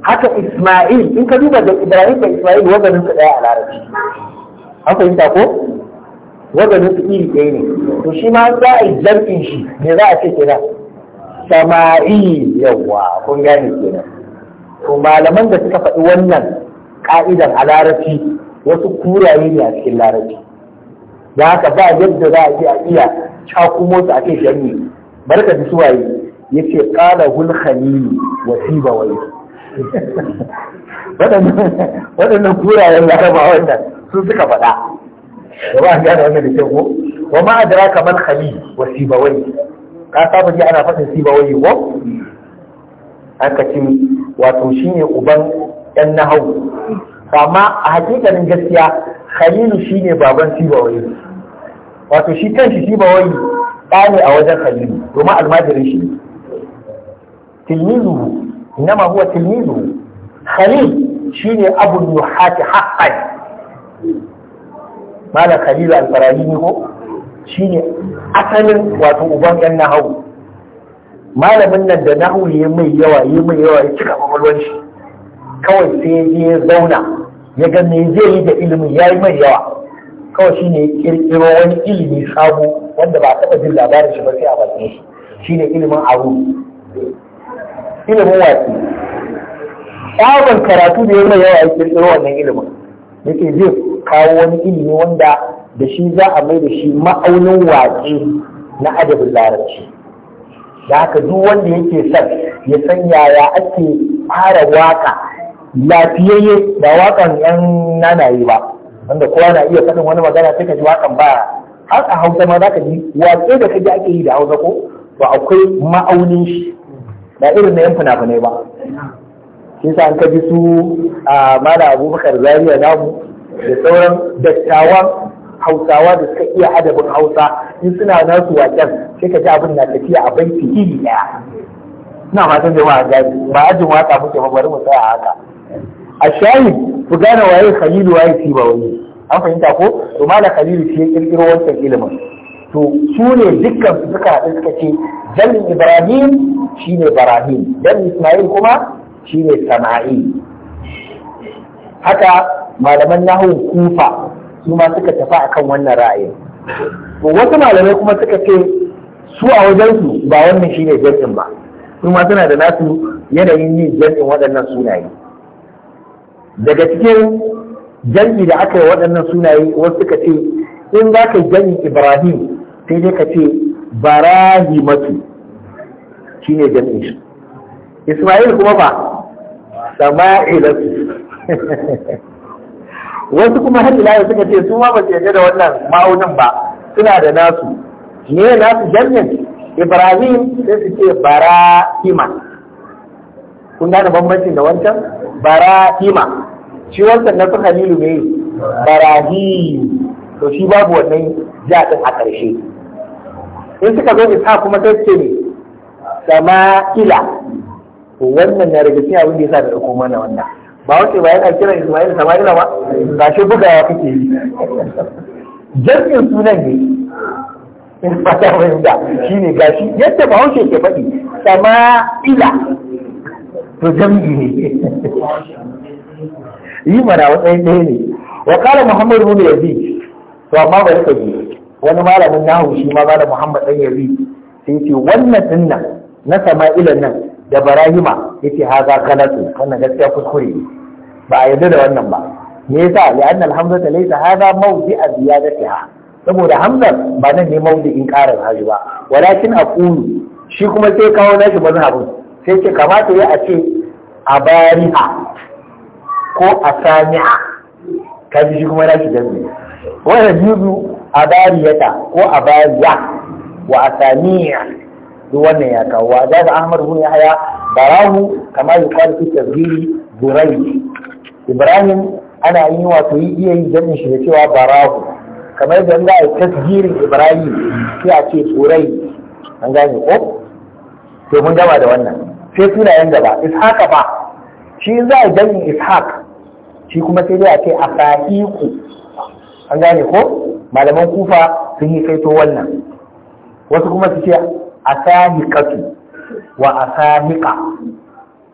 haka isma'il in ka duba da ibrahim da isma'il wazanin su daya a larabci an fahimta ko wazanin su iri ɗaya ne to shi ma za a yi jam'in shi me za a ce kenan sama'il yawa kun gane kenan to malaman da suka faɗi wannan ka'idan a larabci wasu kuraye ne a cikin larabci da haka ba yadda za a ce a iya cakumo su a kai shari'i barka da suwaye ya ce ƙala hulhani wasiba wani waɗannan kurayen laraba wannan sun suka faɗa da ba a gane wannan da ko wa ma adara kamar hali wasiba wani ka saba ji ana faɗin siba wani ko ka ci wato ne uban ɗan nahau amma a hakikanin gaskiya khalilu shine baban sibawai wato shi kanshi sibawai ɗa ne a wajen khalilu domin almajirin shi tilmizu inama huwa tilmizu khalil shine abun yuhati haqqan mala khalilu al-farahimi ko shine asalin wato uban yan nahawu malamin nan da nahawu ya mai yawa ya mai yawa ya cika kwakwalwar shi kawai sai ya je ya zauna ya ga me zai yi da ilimin ya yi mai yawa kawai shi ne kirkiro wani ilimi sabo wanda ba a taɓa jin labarin shi ba sai a bakin shi shi ne ilimin aro ilimin wasi, sabon karatu da ya mai yawa ya kirkiro wannan ilimin yake zai kawo wani ilimi wanda da shi za a mai da shi ma'aunin watsi na adabin larabci da haka duk wanda yake son ya san yaya ake fara waka lafiyayye ba waƙan yan nanaye ba wanda kowa na iya faɗin wani magana sai ka ji waƙan ba har a hausa ma za ka ji waƙe da kaji ake yi da hausa ko ba akwai ma'aunin shi ba irin na yan fina-finai ba shi sa an ka ji su a mala abubakar Zariya namu da sauran dattawan hausawa da suka iya adabin hausa in suna nasu waƙen sai ka ji abin na tafiya a baiti iri ɗaya ina fatan jama'a gani ba ajin waka muke ba bari mu tsaya haka a shahid ku gane waye khalilu waye wani an fahimta ko to mala khalilu shi ya kirkiro wancan ilimin to su ne dukkan su suka haɗu suka ce jalin ibrahim shine barahim jalin ismail kuma shine sama'i haka malaman nahun kufa su ma suka tafi akan wannan ra'ayin to wasu malamai kuma suka ce su a wajensu ba wannan shine jalin ba su ma suna da nasu yanayin yin jalin waɗannan sunaye daga cikin jam'i da aka yi waɗannan sunaye wasu ka ce in za ka jam'i ibrahim sai dai ka ce barahimatu shi ne jam'in shi ismail kuma ba sama'ilatu wasu kuma har ila suka ce su ma ba su yarda da wannan ma'aunin ba suna da nasu ne nasu jam'in ibrahim sai su ce barahima kun gane bambancin da wancan barahima shi wancan na su halilu ne barahi to shi babu wannan jaɗin a ƙarshe in suka zo isa kuma sai ce ne sama'ila ila wannan na daga cikin abin da sa da ɗauko mana wannan ba wace ba yana kira Ismail ila ba ba shi bugawa kake yi jirgin sunan ne in fata wanda shi ne gashi yadda ba wace ke faɗi sama'ila to jami'i ne yi mana matsayin ɗaya ne wa kala muhammad ibn yazid to amma bari ka ji wani malamin nahu shi ma malam muhammad dan yazid sai ce wannan din na Sama'ila nan da barahima yace haza galatu wannan gaskiya kuskure ba a yarda da wannan ba me yasa li anna alhamdulillah laysa hadha mawdi'a ziyadatiha saboda Hamza ba nan ne mawdi'in karin haji ba walakin aqulu shi kuma sai kawo nashi mazhabin sai ce kamata ya a ce a ko a sami'a a kaji shi kuma na shi jami wannan juzu a bariyata ko a bariya wa a a duk wannan ya kawo wa da ahmad ya haya barahu kama yuqalu fi tazhiri burai ibrahim ana yi wato yi iya yi jami'in shi da cewa barahu kamar da za a yi tasgirin ibrahim sai a ce turai an gane ko to mun gama da wannan sai sunayen gaba ishaq ba shi za a jami'in ishaq shi kuma sai dai a ce a fa'iku an gane ko malaman kufa sun yi kaito wannan wasu kuma su ce a sahiqatu wa a sahiqa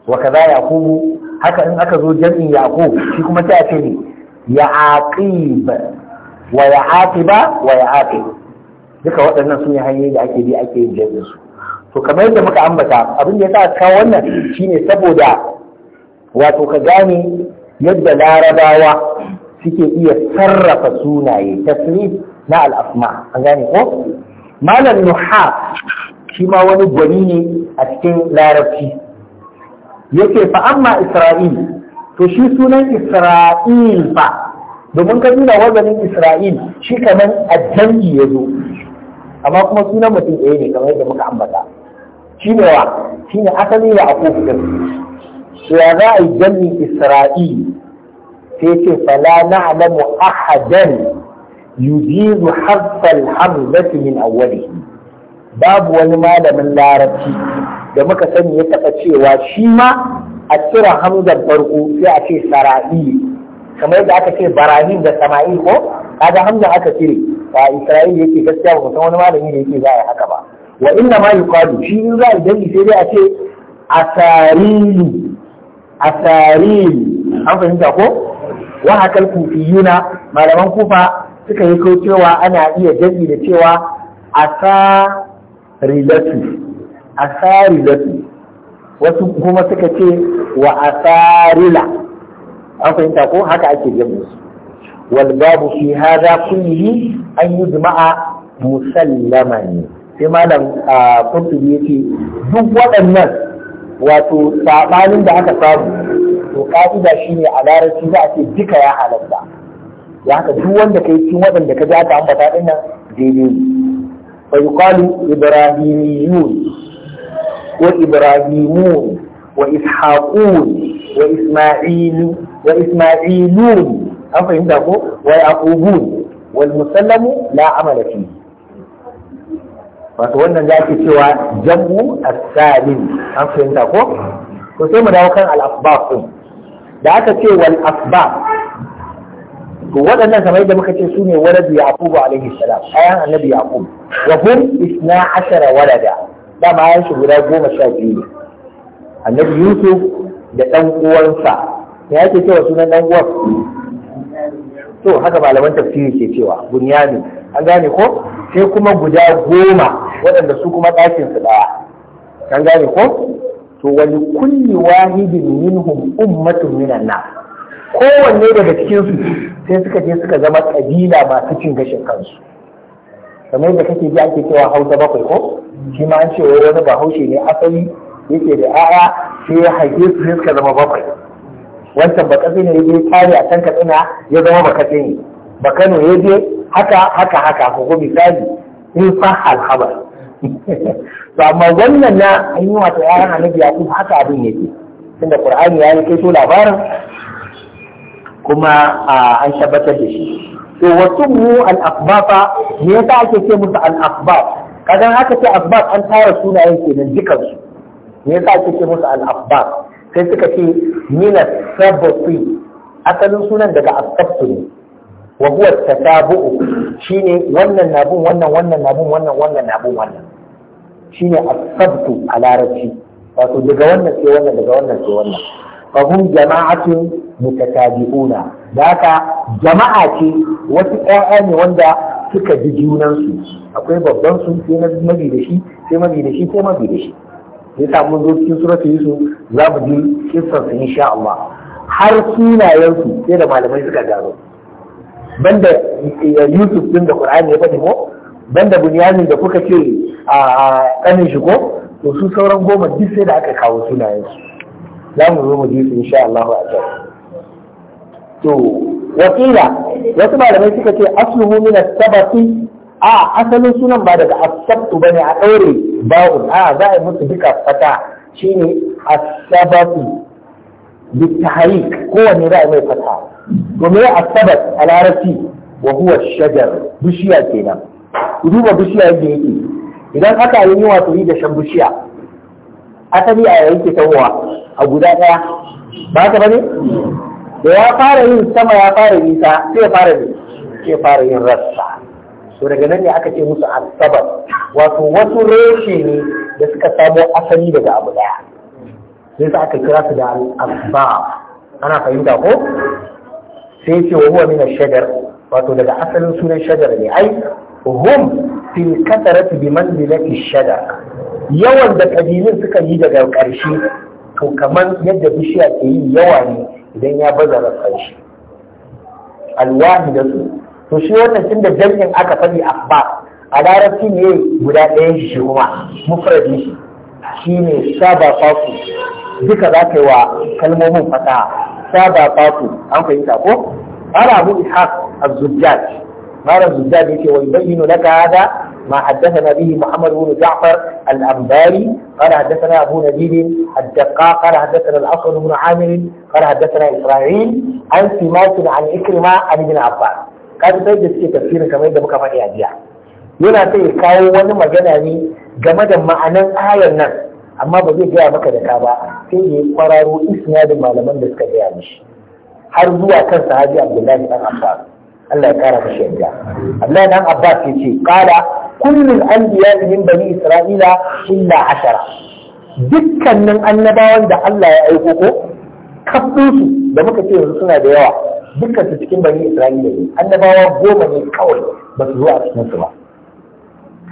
wa kaza yaqubu haka in aka zo jami'in yaqub shi kuma sai a ce ne Ya yaqib wa ya yaqiba wa ya yaqib duka waɗannan sun yi hanyoyi da ake bi ake yin jami'in su to kamar yadda muka ambata abin da ya sa kawo wannan shine saboda wato ka gane yadda larabawa suke iya sarrafa sunaye tasrif na al'asma an gane ko malam nuha shi ma wani gwani ne a cikin larabci yake fa amma isra'il to shi sunan isra'il fa domin ka nuna wazanin isra'il shi kamar addani ya zo amma kuma sunan mutum ɗaya ne kamar yadda muka ambata shi ne wa shi ne asali ya a to ya za a yi jami isra'il sai ce fala na alamu ahadan yujizu harfal hamzati min awwalihi babu wani malamin larabci da muka sani ya taɓa cewa shi ma a cire hamzar farko sai a ce Sara'il. kamar yadda aka ce barahim da sama'i ko kaga hamzar aka cire a isra'il yake gaskiya ba san wani malami ne yake za a yi haka ba wa inna ma yuqalu shi in za a yi dangi sai dai a ce asariyu asarin an fahimta ko wa hakal kufiyuna malaman kufa suka yi cewa ana iya jabi da cewa asarilatu asarilatu wasu kuma suka ce wa asarila an fahimta ko haka ake jami su wal babu fi hada kullihi an yi musallama ne, sai malam kurtubi yake duk waɗannan wato saɓanin da aka samu to ka'ida shine a larabci za a ce duka ya halatta ya haka duk wanda kai cikin waɗanda ka ji aka ambata ɗin nan daidai fa yuqalu ibrahimiyun wa ibrahimun wa ishaqun wa isma'il wa isma'ilun an fahimta ko wa yaqubun wal musallamu la amala fihi wato wannan za ki cewa jam'u a tsalin an fahimta ko ko sai mu dawo kan al da aka ce wal asba to waɗannan kamar yadda muka ce su ne waladu yaqubu alaihi salam ayan annabi yaqub wa hum isna ashara walada ma ayan shi guda goma sha biyu ne annabi yusuf da ɗan uwansa ya ce cewa sunan ɗan uwan to haka malaman tafsiri ke cewa bunyani an gane ko sai kuma guda goma waɗanda su kuma ɗakin su ɗaya an gane ko to wani kulli wahidin minhum ummatun minan nas kowanne daga cikin su sai suka je suka zama kabila masu cin gashin kansu kamar yadda kake ji ake cewa hausa bakwai ko shi ma an ce wani bahaushe ne asali yake da 'ya'ya sai ya haife su sai suka zama bakwai wancan ba katsi ne ya je tare a can katsina ya zama ba katsi ne ba kano ya je haka haka haka ko ko misali in fa alhabar to amma wannan na an yi wato yaran annabi yaqub haka abin yake tunda qur'ani ya yi kai to labarin kuma an tabbatar da shi to wasu mu al-asbafa me yasa ake ce musu al-asbaf kadan haka ce asbab an tara sunayen kenan su, me yasa ake ce musu al-asbab sai suka ce mina sabbi asalin sunan daga asabtu ne wa huwa tatabu'u shine wannan na bin wannan wannan na bin wannan wannan na bin wannan shine asabtu a larabci wato daga wannan sai wannan daga wannan sai wannan fa hum jama'atun mutatabi'una da haka jama'a ce wasu ƴaƴa ne wanda suka ji junansu akwai babban su sai mabi da shi sai mabi da shi sai mabi da shi yasa mun zo cikin suratul yusuf za mu ji kissar su insha Allah har sunayensu su sai da malamai suka gano banda eh, yusuf din da qur'ani ya faɗi mo banda bunyamin da kuka ce a kanin shi ko to su sauran goma duk sai da aka kawo sunayensu. za mu zo mu ji su insha Allah a can to wakila wasu malamai suka ce asluhu min as-sabati a asalin sunan ba daga asabtu bane a ɗaure ba'un a za a yi musu duka fata shine asabatu bitahari kowanne za a mai fata domin asabat a larabci wa huwa shajar bishiya kenan ku duba bishiya yadda yake idan aka yi wato yi da shan bishiya asali a yake tawowa a guda ɗaya ba ka bane da ya fara yin sama ya fara nisa sai ya fara ne sai fara yin rassa to daga nan ne aka ce musu asabar wato wasu reshe ne da suka samo asali daga abu daya sai sa aka kira su da asba ana fahimta ko sai ce wa huwa min ash-shajar wato daga asalin sunan shajar ne ai hum fil kasarati bi manzilati shajar yawan da kabilun suka yi daga ƙarshe to kamar yadda bishiya ke yi yawa ne idan ya baza rasar shi alwahi da su to shi wannan tunda jami'in aka fari a ba a larabci ne guda ɗaya shi kuma mufradi shi shi ne saba fasu duka za ka yi wa kalmomin fata saba fasu an fahimta ko ara abu Ishak az-zujjaj mara zujjaj yake wa bayyana laka hada ma haddathana bihi muhammad ibn ja'far al-ambari qala haddathana abu nadir ad-daqqa qala haddathana al-aqd ibn amir qala haddathana isra'il Ansi, simatun an ikrima an abba. kaji sai da suke tafsirin kamar yadda muka faɗi a jiya yana sai ya kawo wani magana ne game da ma'anan ayar nan amma ba zai gaya maka da ka ba sai da ya kwararo da malaman da suka gaya mishi har zuwa kan sahabi abdullahi dan abbas Allah ya kara mishi yadda Allah dan abbas ya ce kala kullum anbiya min bani isra'ila illa ashara dukkanin annabawan da Allah ya aiko ko kafin su da muka ce yanzu suna da yawa dukkan cikin bani Isra'ila ne annabawa goma ne kawai ba su zo a cikin su ba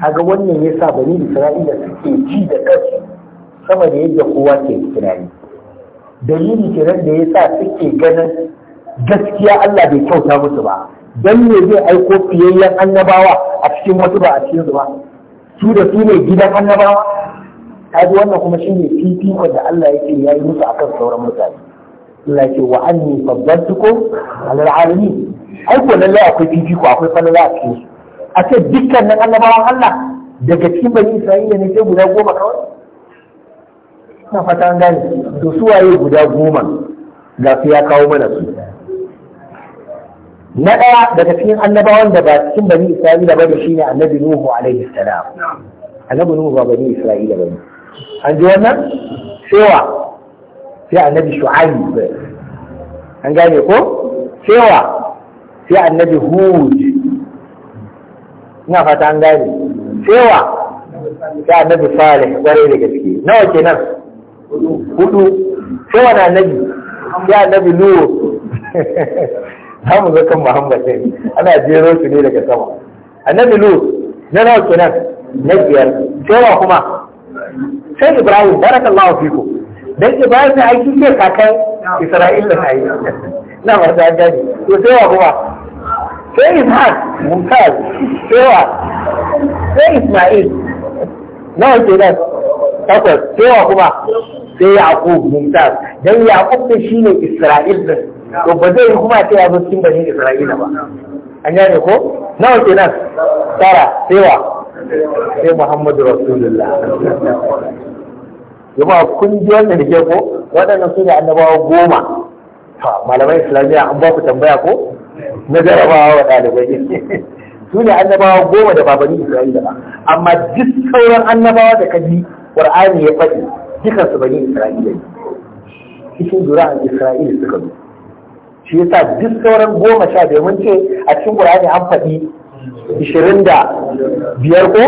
kaga wannan yasa bani Isra'ila suke ji da kansu sama da yadda kowa ke tunani dalili kenan da ya sa suke ganin gaskiya Allah bai kyauta musu ba Don me zai aiko fiyayyen annabawa a cikin wasu ba a cikin su ba su da su ne gidan annabawa kaji wannan kuma shine fifikon da Allah yake yayi musu akan sauran mutane Allah ce wa anni faddaltukum alal alamin ai ko lallai akwai fifiko akwai falala a cikin su a ce dukkanin annabawan Allah daga cikin bani Isra'ila ne sai guda goma kawai na fata an gane to su waye guda goma ga su ya kawo mana su na ɗaya daga cikin annabawan da ba cikin bani Isra'ila ba da shi ne annabi Nuhu alaihi salam annabi Nuhu ba bani Isra'ila ba ne an ji wannan cewa في النبي شعيب ان قال يقول سوى في النبي هود نفت عن قال سوى في النبي صالح وليل قسكي نوكي نفس هدو سوى النبي في النبي نور محمد كم محمد سيدي انا جيرو سيدي لك سوى النبي نور نوكي نفس نجي سوى هما سيد ابراهيم بارك الله فيكم dan ibrahim da aiki ce kakan isra'ila na yi na marda gani to sai wa kuma sai ishaq mumtaz sai wa sai isma'il nawa ke da takwas sai wa kuma sai yaqub mumtaz dan yaqub din shine isra'il din to ba zai kuma ta yabo cikin bane isra'ila ba an gane ko nawa ke da tara sai wa sai muhammadu rasulullah jama'a kun ji wannan da ke ko waɗannan su ne annabawa goma malamai islamiyya an ba ku tambaya ko na jarabawa wa ɗalibai su ne annabawa goma da babani isra'ila ba amma duk sauran annabawa da kaji qur'ani ya faɗi dukan su bani isra'ila ne cikin zura'an isra'ila suka zo shi yasa duk sauran goma sha biyar mun ce a cikin ƙur'ani an faɗi ishirin da biyar ko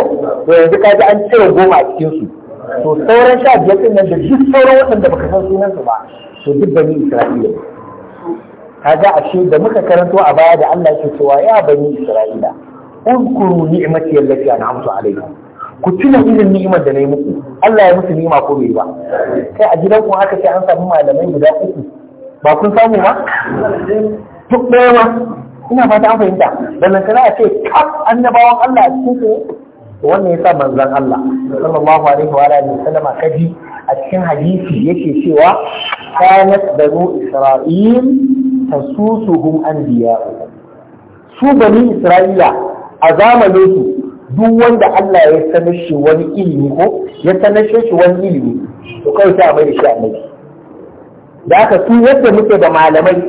to yanzu kaji an cire goma a cikinsu to sauran sha biyar ɗin nan da duk sauran waɗanda baka san sunansu ba to duk bani Isra'ila kaga ashe da muka karanto a baya da Allah yake cewa ya bani Isra'ila uzkuru ni'mati allati an'amtu alaykum ku tuna irin ni'imar da na yi muku Allah ya musu ni'ima ko bai ba kai a gidan ku haka sai an samu malamai guda uku ba kun samu ba duk ɗaya ma ina fata an fahimta da nan kana a ce kaf annabawan Allah a cikin su wannan ya sa manzon Allah sallallahu alaihi wa alihi wasallama kaji a cikin hadisi yake cewa kanat banu isra'il tasusuhum anbiya su bani isra'ila a zamanin su duk wanda Allah ya sanar shi wani ilimi ko ya sanar shi wani ilimi to kawai sai mai da shi annabi da aka su yadda muke da malamai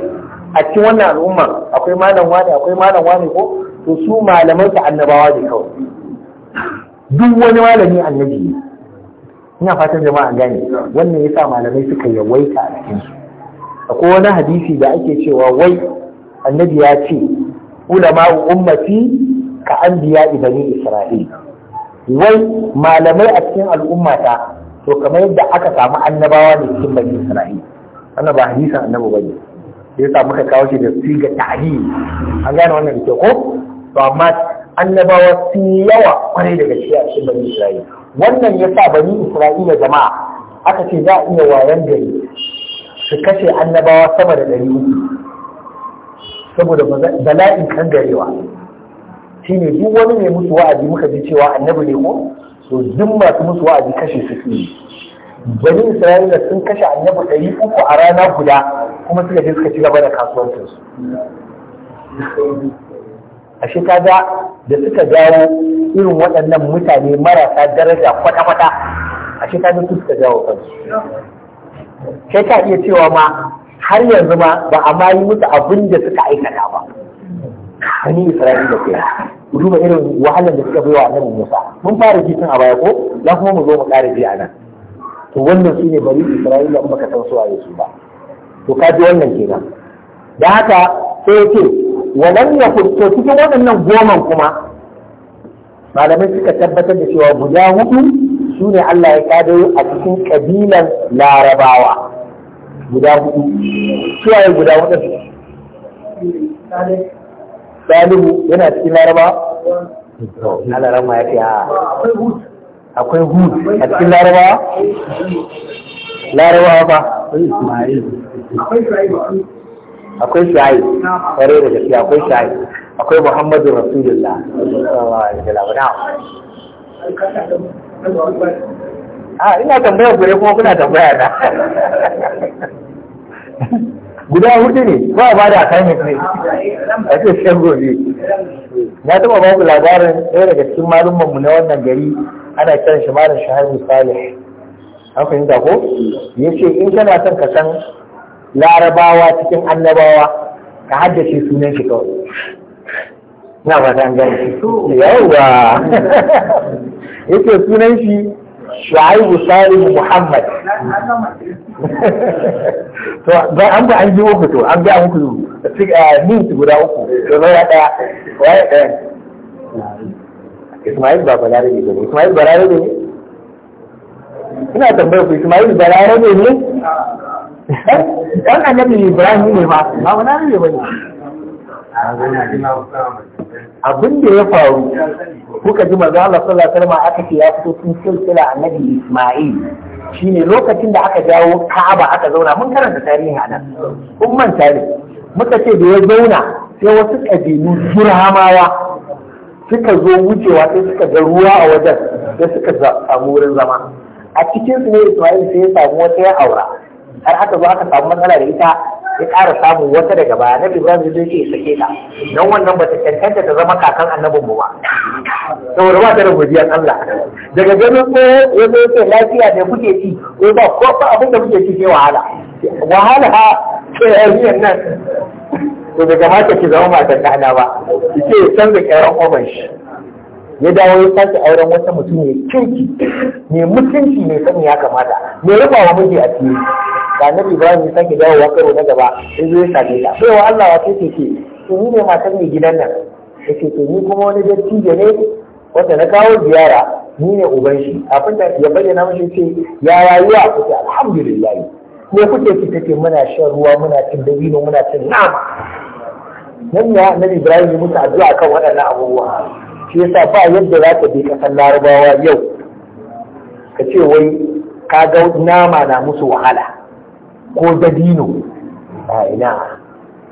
a cikin wannan al'umma akwai malam wani akwai malam wani ko to su malamai ta annabawa ne kawai duk wani malami annabi ne ina fatan jama'a gane wannan yasa malamai suka yawaita a cikin su akwai wani hadisi da ake cewa wai annabi ya ce ulama ummati ka anbiya ibani isra'il wai malamai a cikin al'ummata to kamar yadda aka samu annabawa ne cikin bani isra'il wannan ba hadisin annabi bane sai sa muka kawo shi da siga ta'ali an gane wannan da ke ko to amma annabawa sun yi yawa kwarai da gaske a cikin bani Isra'ila wannan ya sa bani Isra'ila jama'a aka ce za a iya wayan gari su kashe annabawa sama da ɗari uku saboda bala'in kan garewa Shi ne duk wani mai musu wa'azi muka ji cewa annabi ne ko to duk masu musu wa'azi kashe su ne bani Isra'ila sun kashe annabi ɗari uku a rana guda kuma suka je suka ci gaba da kasuwancinsu ashe kaga da suka jawo irin waɗannan mutane marasa daraja kwata-kwata ashe kaga su suka jawo kansu kai ka iya cewa ma har yanzu ma ba a ma yi musu abin da suka aikata ba hani isra'ila ke ku duba irin wahalar da suka bai wa annabi musa mun fara jikin a baya ko na kuma mu zo mu ƙara ji a nan to wannan shine bari isra'ila in baka san su waye su ba to ka ji wannan kenan da haka sai ya ce walam ya to cikin waɗannan goma kuma malamai suka tabbatar da cewa guda hudu su ne Allah ya kado a cikin kabilan larabawa guda hudu cewa ya guda hudu salihu yana cikin larabawa alarama ya ce ah. akwai hud a cikin larabawa larabawa ba akwai shayi kware da gaskiya akwai shayi akwai muhammadu rasulullah a ah, ina tambaya gure kuma kuna tambaya na guda hudu ne ba ba da kai ne a ce shan gobe na taba ba ku labarin ɗaya daga cikin malumman mu na wannan gari ana kiran shi malam shahar salih an fahimta ko yace in kana son ka san larabawa cikin annabawa ka haddace sunan shi kawai na fata gani yawa yake sunan shi shu'aibu salim muhammad to ba an ba an ji wuku to an ga muku eh, min guda uku to na daya wai eh ismail ba balare ne ismail balare ne ina tambayar ku ismail ne ne dan annabi ibrahim ne ba ba wani annabi bane abin da ya faru kuka ji maza Allah sallallahu alaihi wasallam aka ce ya fito sun silsila annabi isma'il shine lokacin da aka jawo Ka'aba aka zauna mun karanta tarihi a nan umman ne. muka ce da ya zauna sai wasu kabilu turhamawa suka zo wucewa sai suka ga ruwa a wajen da suka samu wurin zama a cikin su ne Isma'il sai ya samu wata ya aura har haka zo aka samu matsala da ita ya ƙara samun wata daga baya na ibrahim zai zai ya sake ta don wannan ba ta cancanta ta zama kakan annabin mu ba saboda ba ta da godiyar Allah daga ganin ko ya zo ce lafiya da kuke ci ko ba ko ba abin da kuke ci ke wahala wahala ha ce yariyar nan to bai kamata ki zama matar dana ba ki ce canza kyaran ƙwaban shi ya dawo ya sake auren wata mutum mai kirki mai mutunci mai sani ya kamata mai rufa wa miji a fili ba na ibrahim ya sake dawowa karo na gaba sai zo ya same ta sai wa allah wa kai ke to ni ne matar mai gidan nan yace to ni kuma wani da ne wanda na kawo ziyara ni ne uban shi abin da ya bayyana mashi ce ya rayuwa kuke alhamdulillah ne kuke ki take muna shan ruwa muna cin dabino muna cin nama nan ya nabi ibrahim ya mutu addu'a kan waɗannan abubuwa shi yasa ba yadda za ka je kasan larabawa yau ka ce wai ka ga nama na musu wahala ko dabino a ina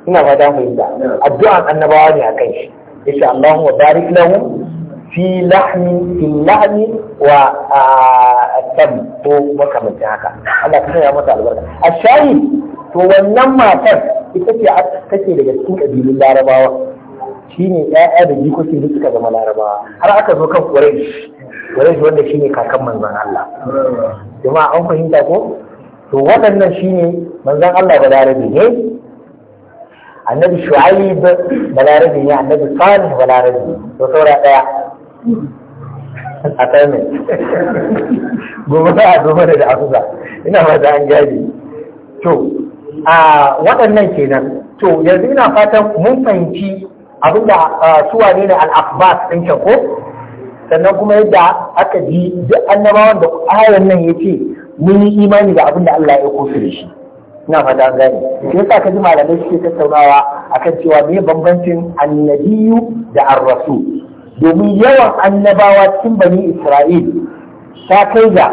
ina fata fahimta addu'an annabawa ne a kan shi yace Allahu barik lahum fi lahmi fi lahmi wa atam ko makamantan haka Allah ka sanya mata albarka a shayi to wannan matar ita ce take daga cikin kabilun larabawa shine 'ya'ya da jikoki da suka zama larabawa har aka zo kan quraish quraish wanda shine kakan manzon Allah jama'a an fahimta ko to waɗannan shine manzon Allah ba larabi ne annabi shu'aib ba larabi ne annabi salih ba larabi to saura daya assignment gobe za a zo mana da afusa ina mata an gani to a waɗannan kenan to yanzu ina fatan mun fahimci abinda suwa ne na al'akbas ɗin can ko sannan kuma yadda aka ji duk annabawan da ayan nan ya ce mun yi imani da abinda Allah ya kofi da shi ina fata an gane shi yasa ka ji malamai suke tattaunawa akan cewa me bambancin annabiyu da arrasu domin yawan annabawa cikin bani Isra'il ta kai ga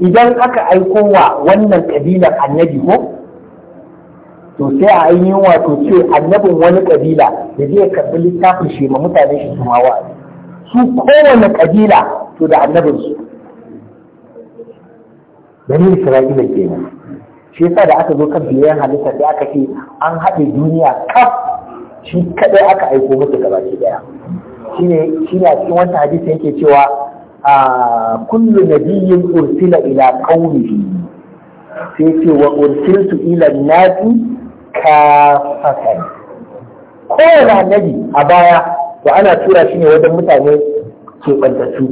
idan aka aiko wa wannan kabilar annabi ko to sai a ainihin wato ce annabin wani kabila da zai karbi littafin shi ma mutane shi kuma wa su kowane kabila to da annabin su bani isra'ila kenan shi yasa da aka zo kan biyar halitta da aka ce an haɗe duniya kaf shi kadai aka aiko musu gaba ki daya shine shine a cikin wannan hadisi yake cewa a ah, kullu nabiyyin ursila ila qaumihi sai ce wa ursiltu ila nabi kafatan kowane annabi a baya to ana tura shi ne wajen mutane ɓantattu.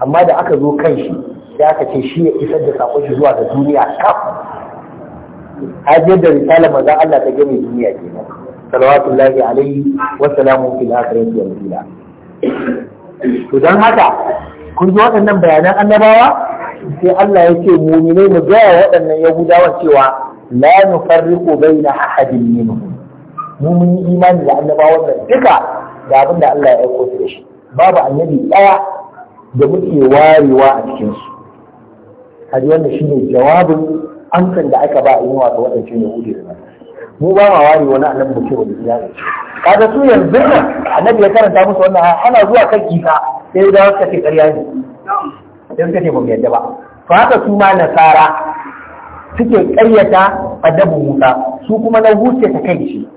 amma da aka zo kan shi sai aka ce shi ya isar da sakon shi zuwa ga duniya kaf hajiyar da risala manzon Allah ta gane duniya kenan salawatullahi alaihi wa salamu fil akhirati wal ula to dan haka kun ji waɗannan bayanan annabawa sai Allah ya ce mu'minai mu ga waɗannan yahudawa cewa la nufarriqu bayna ahadin minhum mu mun yi imani da annabawan nan duka da abin da Allah ya aiko su da shi babu annabi daya da muke warewa a cikin su har yanda shine jawabin amsan da aka ba a yi wato waɗancan yahudi da nan mu ba ma ware wani annabi muke wani ya ce kaga su yanzu annabi ya karanta musu wannan ana zuwa kan ka. sai da suka ce ƙarya ne sai suka ce ba mu yadda ba to haka su ma nasara suke ƙaryata annabi Musa su kuma na huce ta kai shi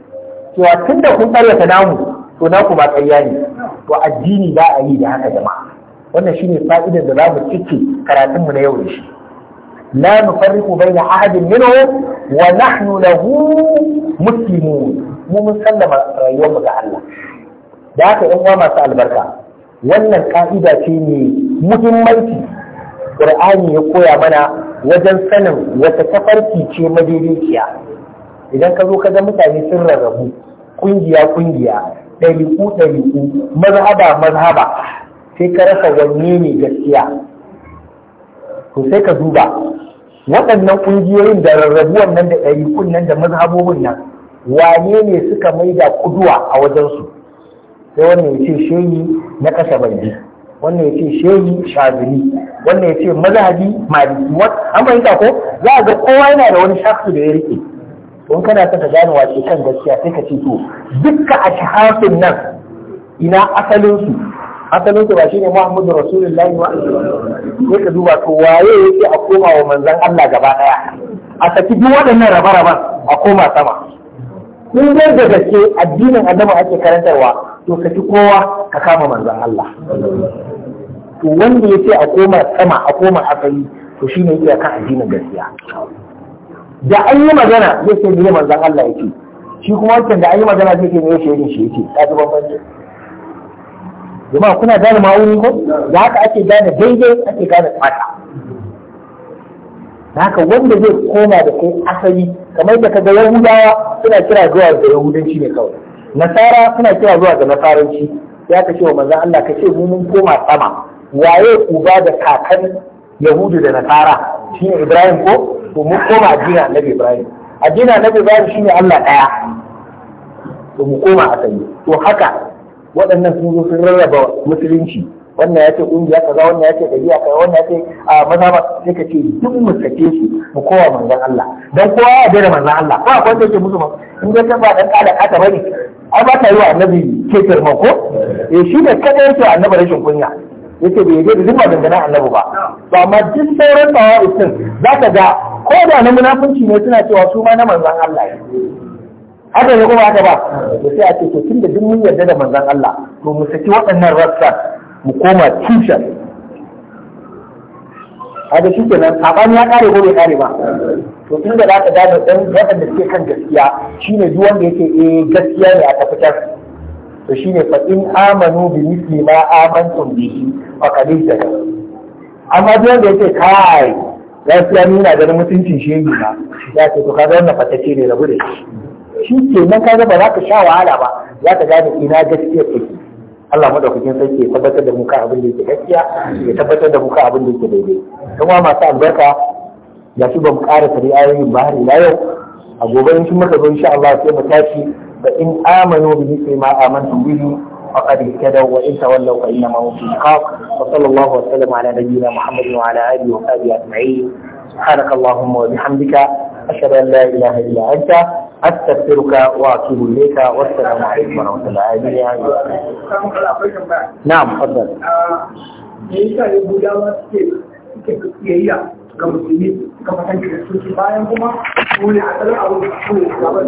cewa tun da kun ƙaryata namu to na kuma ƙarya ne to addini za a yi da haka jama'a wannan shine fa'idar da za mu cike karatun mu na yau da shi la nufarriqu baina ahadin minhu wa nahnu lahu muslimun mu mun sallama rayuwar mu ga Allah da haka yan uwa masu albarka wannan ka'ida ce mai muhimmanci Qur'ani ya koya mana wajen sanin wata tafarki ce madaidaiciya idan ka zo ka ga mutane sun rarrabu kungiya kungiya ɗariku ɗariku mazhaba mazhaba sai ka rasa wanne ne gaskiya to sai ka duba waɗannan ƙungiyoyin da rarrabuwan nan da ɗarikun nan da mazhabobin nan wane ne suka maida kuduwa a wajensu sai wannan ya ce shehi na kashe bandi wannan ya ce shehi shazili wannan ya ce mazhabi maliki an fahimta ko za ga kowa yana da wani shafi da ya rike don kana son ka gane wace kan gaskiya sai ka ce to dukkan ashhafin nan ina asalin su asalin su ba shine Muhammadu Rasulullahi wa sai ka duba to waye yake a koma wa manzon Allah gaba daya a saki duk waɗannan rabe-raben a koma sama in dai da gaske addinin annabi ake karantarwa to saki kowa ka kama manzon Allah to wanda ya ce a koma sama a koma asali to shine iyakan addinin gaskiya da an yi magana zai ce ne manzan Allah yake shi kuma wancan da an yi magana zai ce ne shehin shi yake ta zuban banci jama'a kuna gane ma'auni ko da haka ake gane daidai ake gane tsaka da haka wanda zai koma da kai asali kamar da kaga yahudawa suna kira zuwa ga yahudanci ne kawai nasara suna kira zuwa ga nasaranci ya ka ce wa manzon Allah ka ce mu mun koma sama waye uba da kakan yahudu da nasara shi ne ibrahim ko to mu koma addinin annabi ibrahim addinin annabi ibrahim shine allah ɗaya to mu koma a asali to haka waɗannan sun zo sun rarraba musulunci wannan ya ce ƙungiya kaza wannan ya ce ɗabi'a kaza wannan ya ce a maza ba sai ka ce duk mu sake su mu kowa manzon Allah dan kowa ya dare manzon Allah ko akwai wanda musu ma in dai kan ba dan kada kata bane ai ba ta yi wa annabi ke firma ko eh shi ne kada yake annabi rashin kunya yake bai yadda da duk maganganun annabi ba to amma duk sauran tawa'i za zaka ga ko da na munafunci ne suna cewa su ma na manzan Allah ne haka ne kuma haka ba to sai a ce to tunda duk mun yarda da manzan Allah to mu saki waɗannan rassa mu koma tushen haka shi kenan sabani ya ƙare ko bai ƙare ba to tunda ka gane dan waɗanda suke kan gaskiya shine duk wanda yake eh gaskiya ne a tafitar to shi ne faɗin amanu bi misli ma amantum bihi fa kadin da amma duk wanda yake kai gaskiya ni na ganin mutuncin shehi ba. ya ce to kaga wannan fatacce ne rabu da shi shi ke nan kaga ba za ka sha wahala ba za ka gane ina gaskiya take Allah madaukakin sarki ya tabbatar da mu kan abin da yake gaskiya ya tabbatar da mu kan abin da yake daidai don wa masu albarka ya su ba mu ƙara sari ayoyin ba har yau a gobe in shi muka zo insha Allah sai mu tashi فإن آمنوا بمثل ما آمنتم به فقد اهتدوا وإن تولوا فإنما هم في شقاق وصلى الله وسلم على نبينا محمد وعلى آله وصحبه أجمعين سبحانك اللهم وبحمدك أشهد أن لا إله إلا أنت أستغفرك وأتوب إليك والسلام عليكم ورحمة الله وبركاته. نعم تفضل. آه،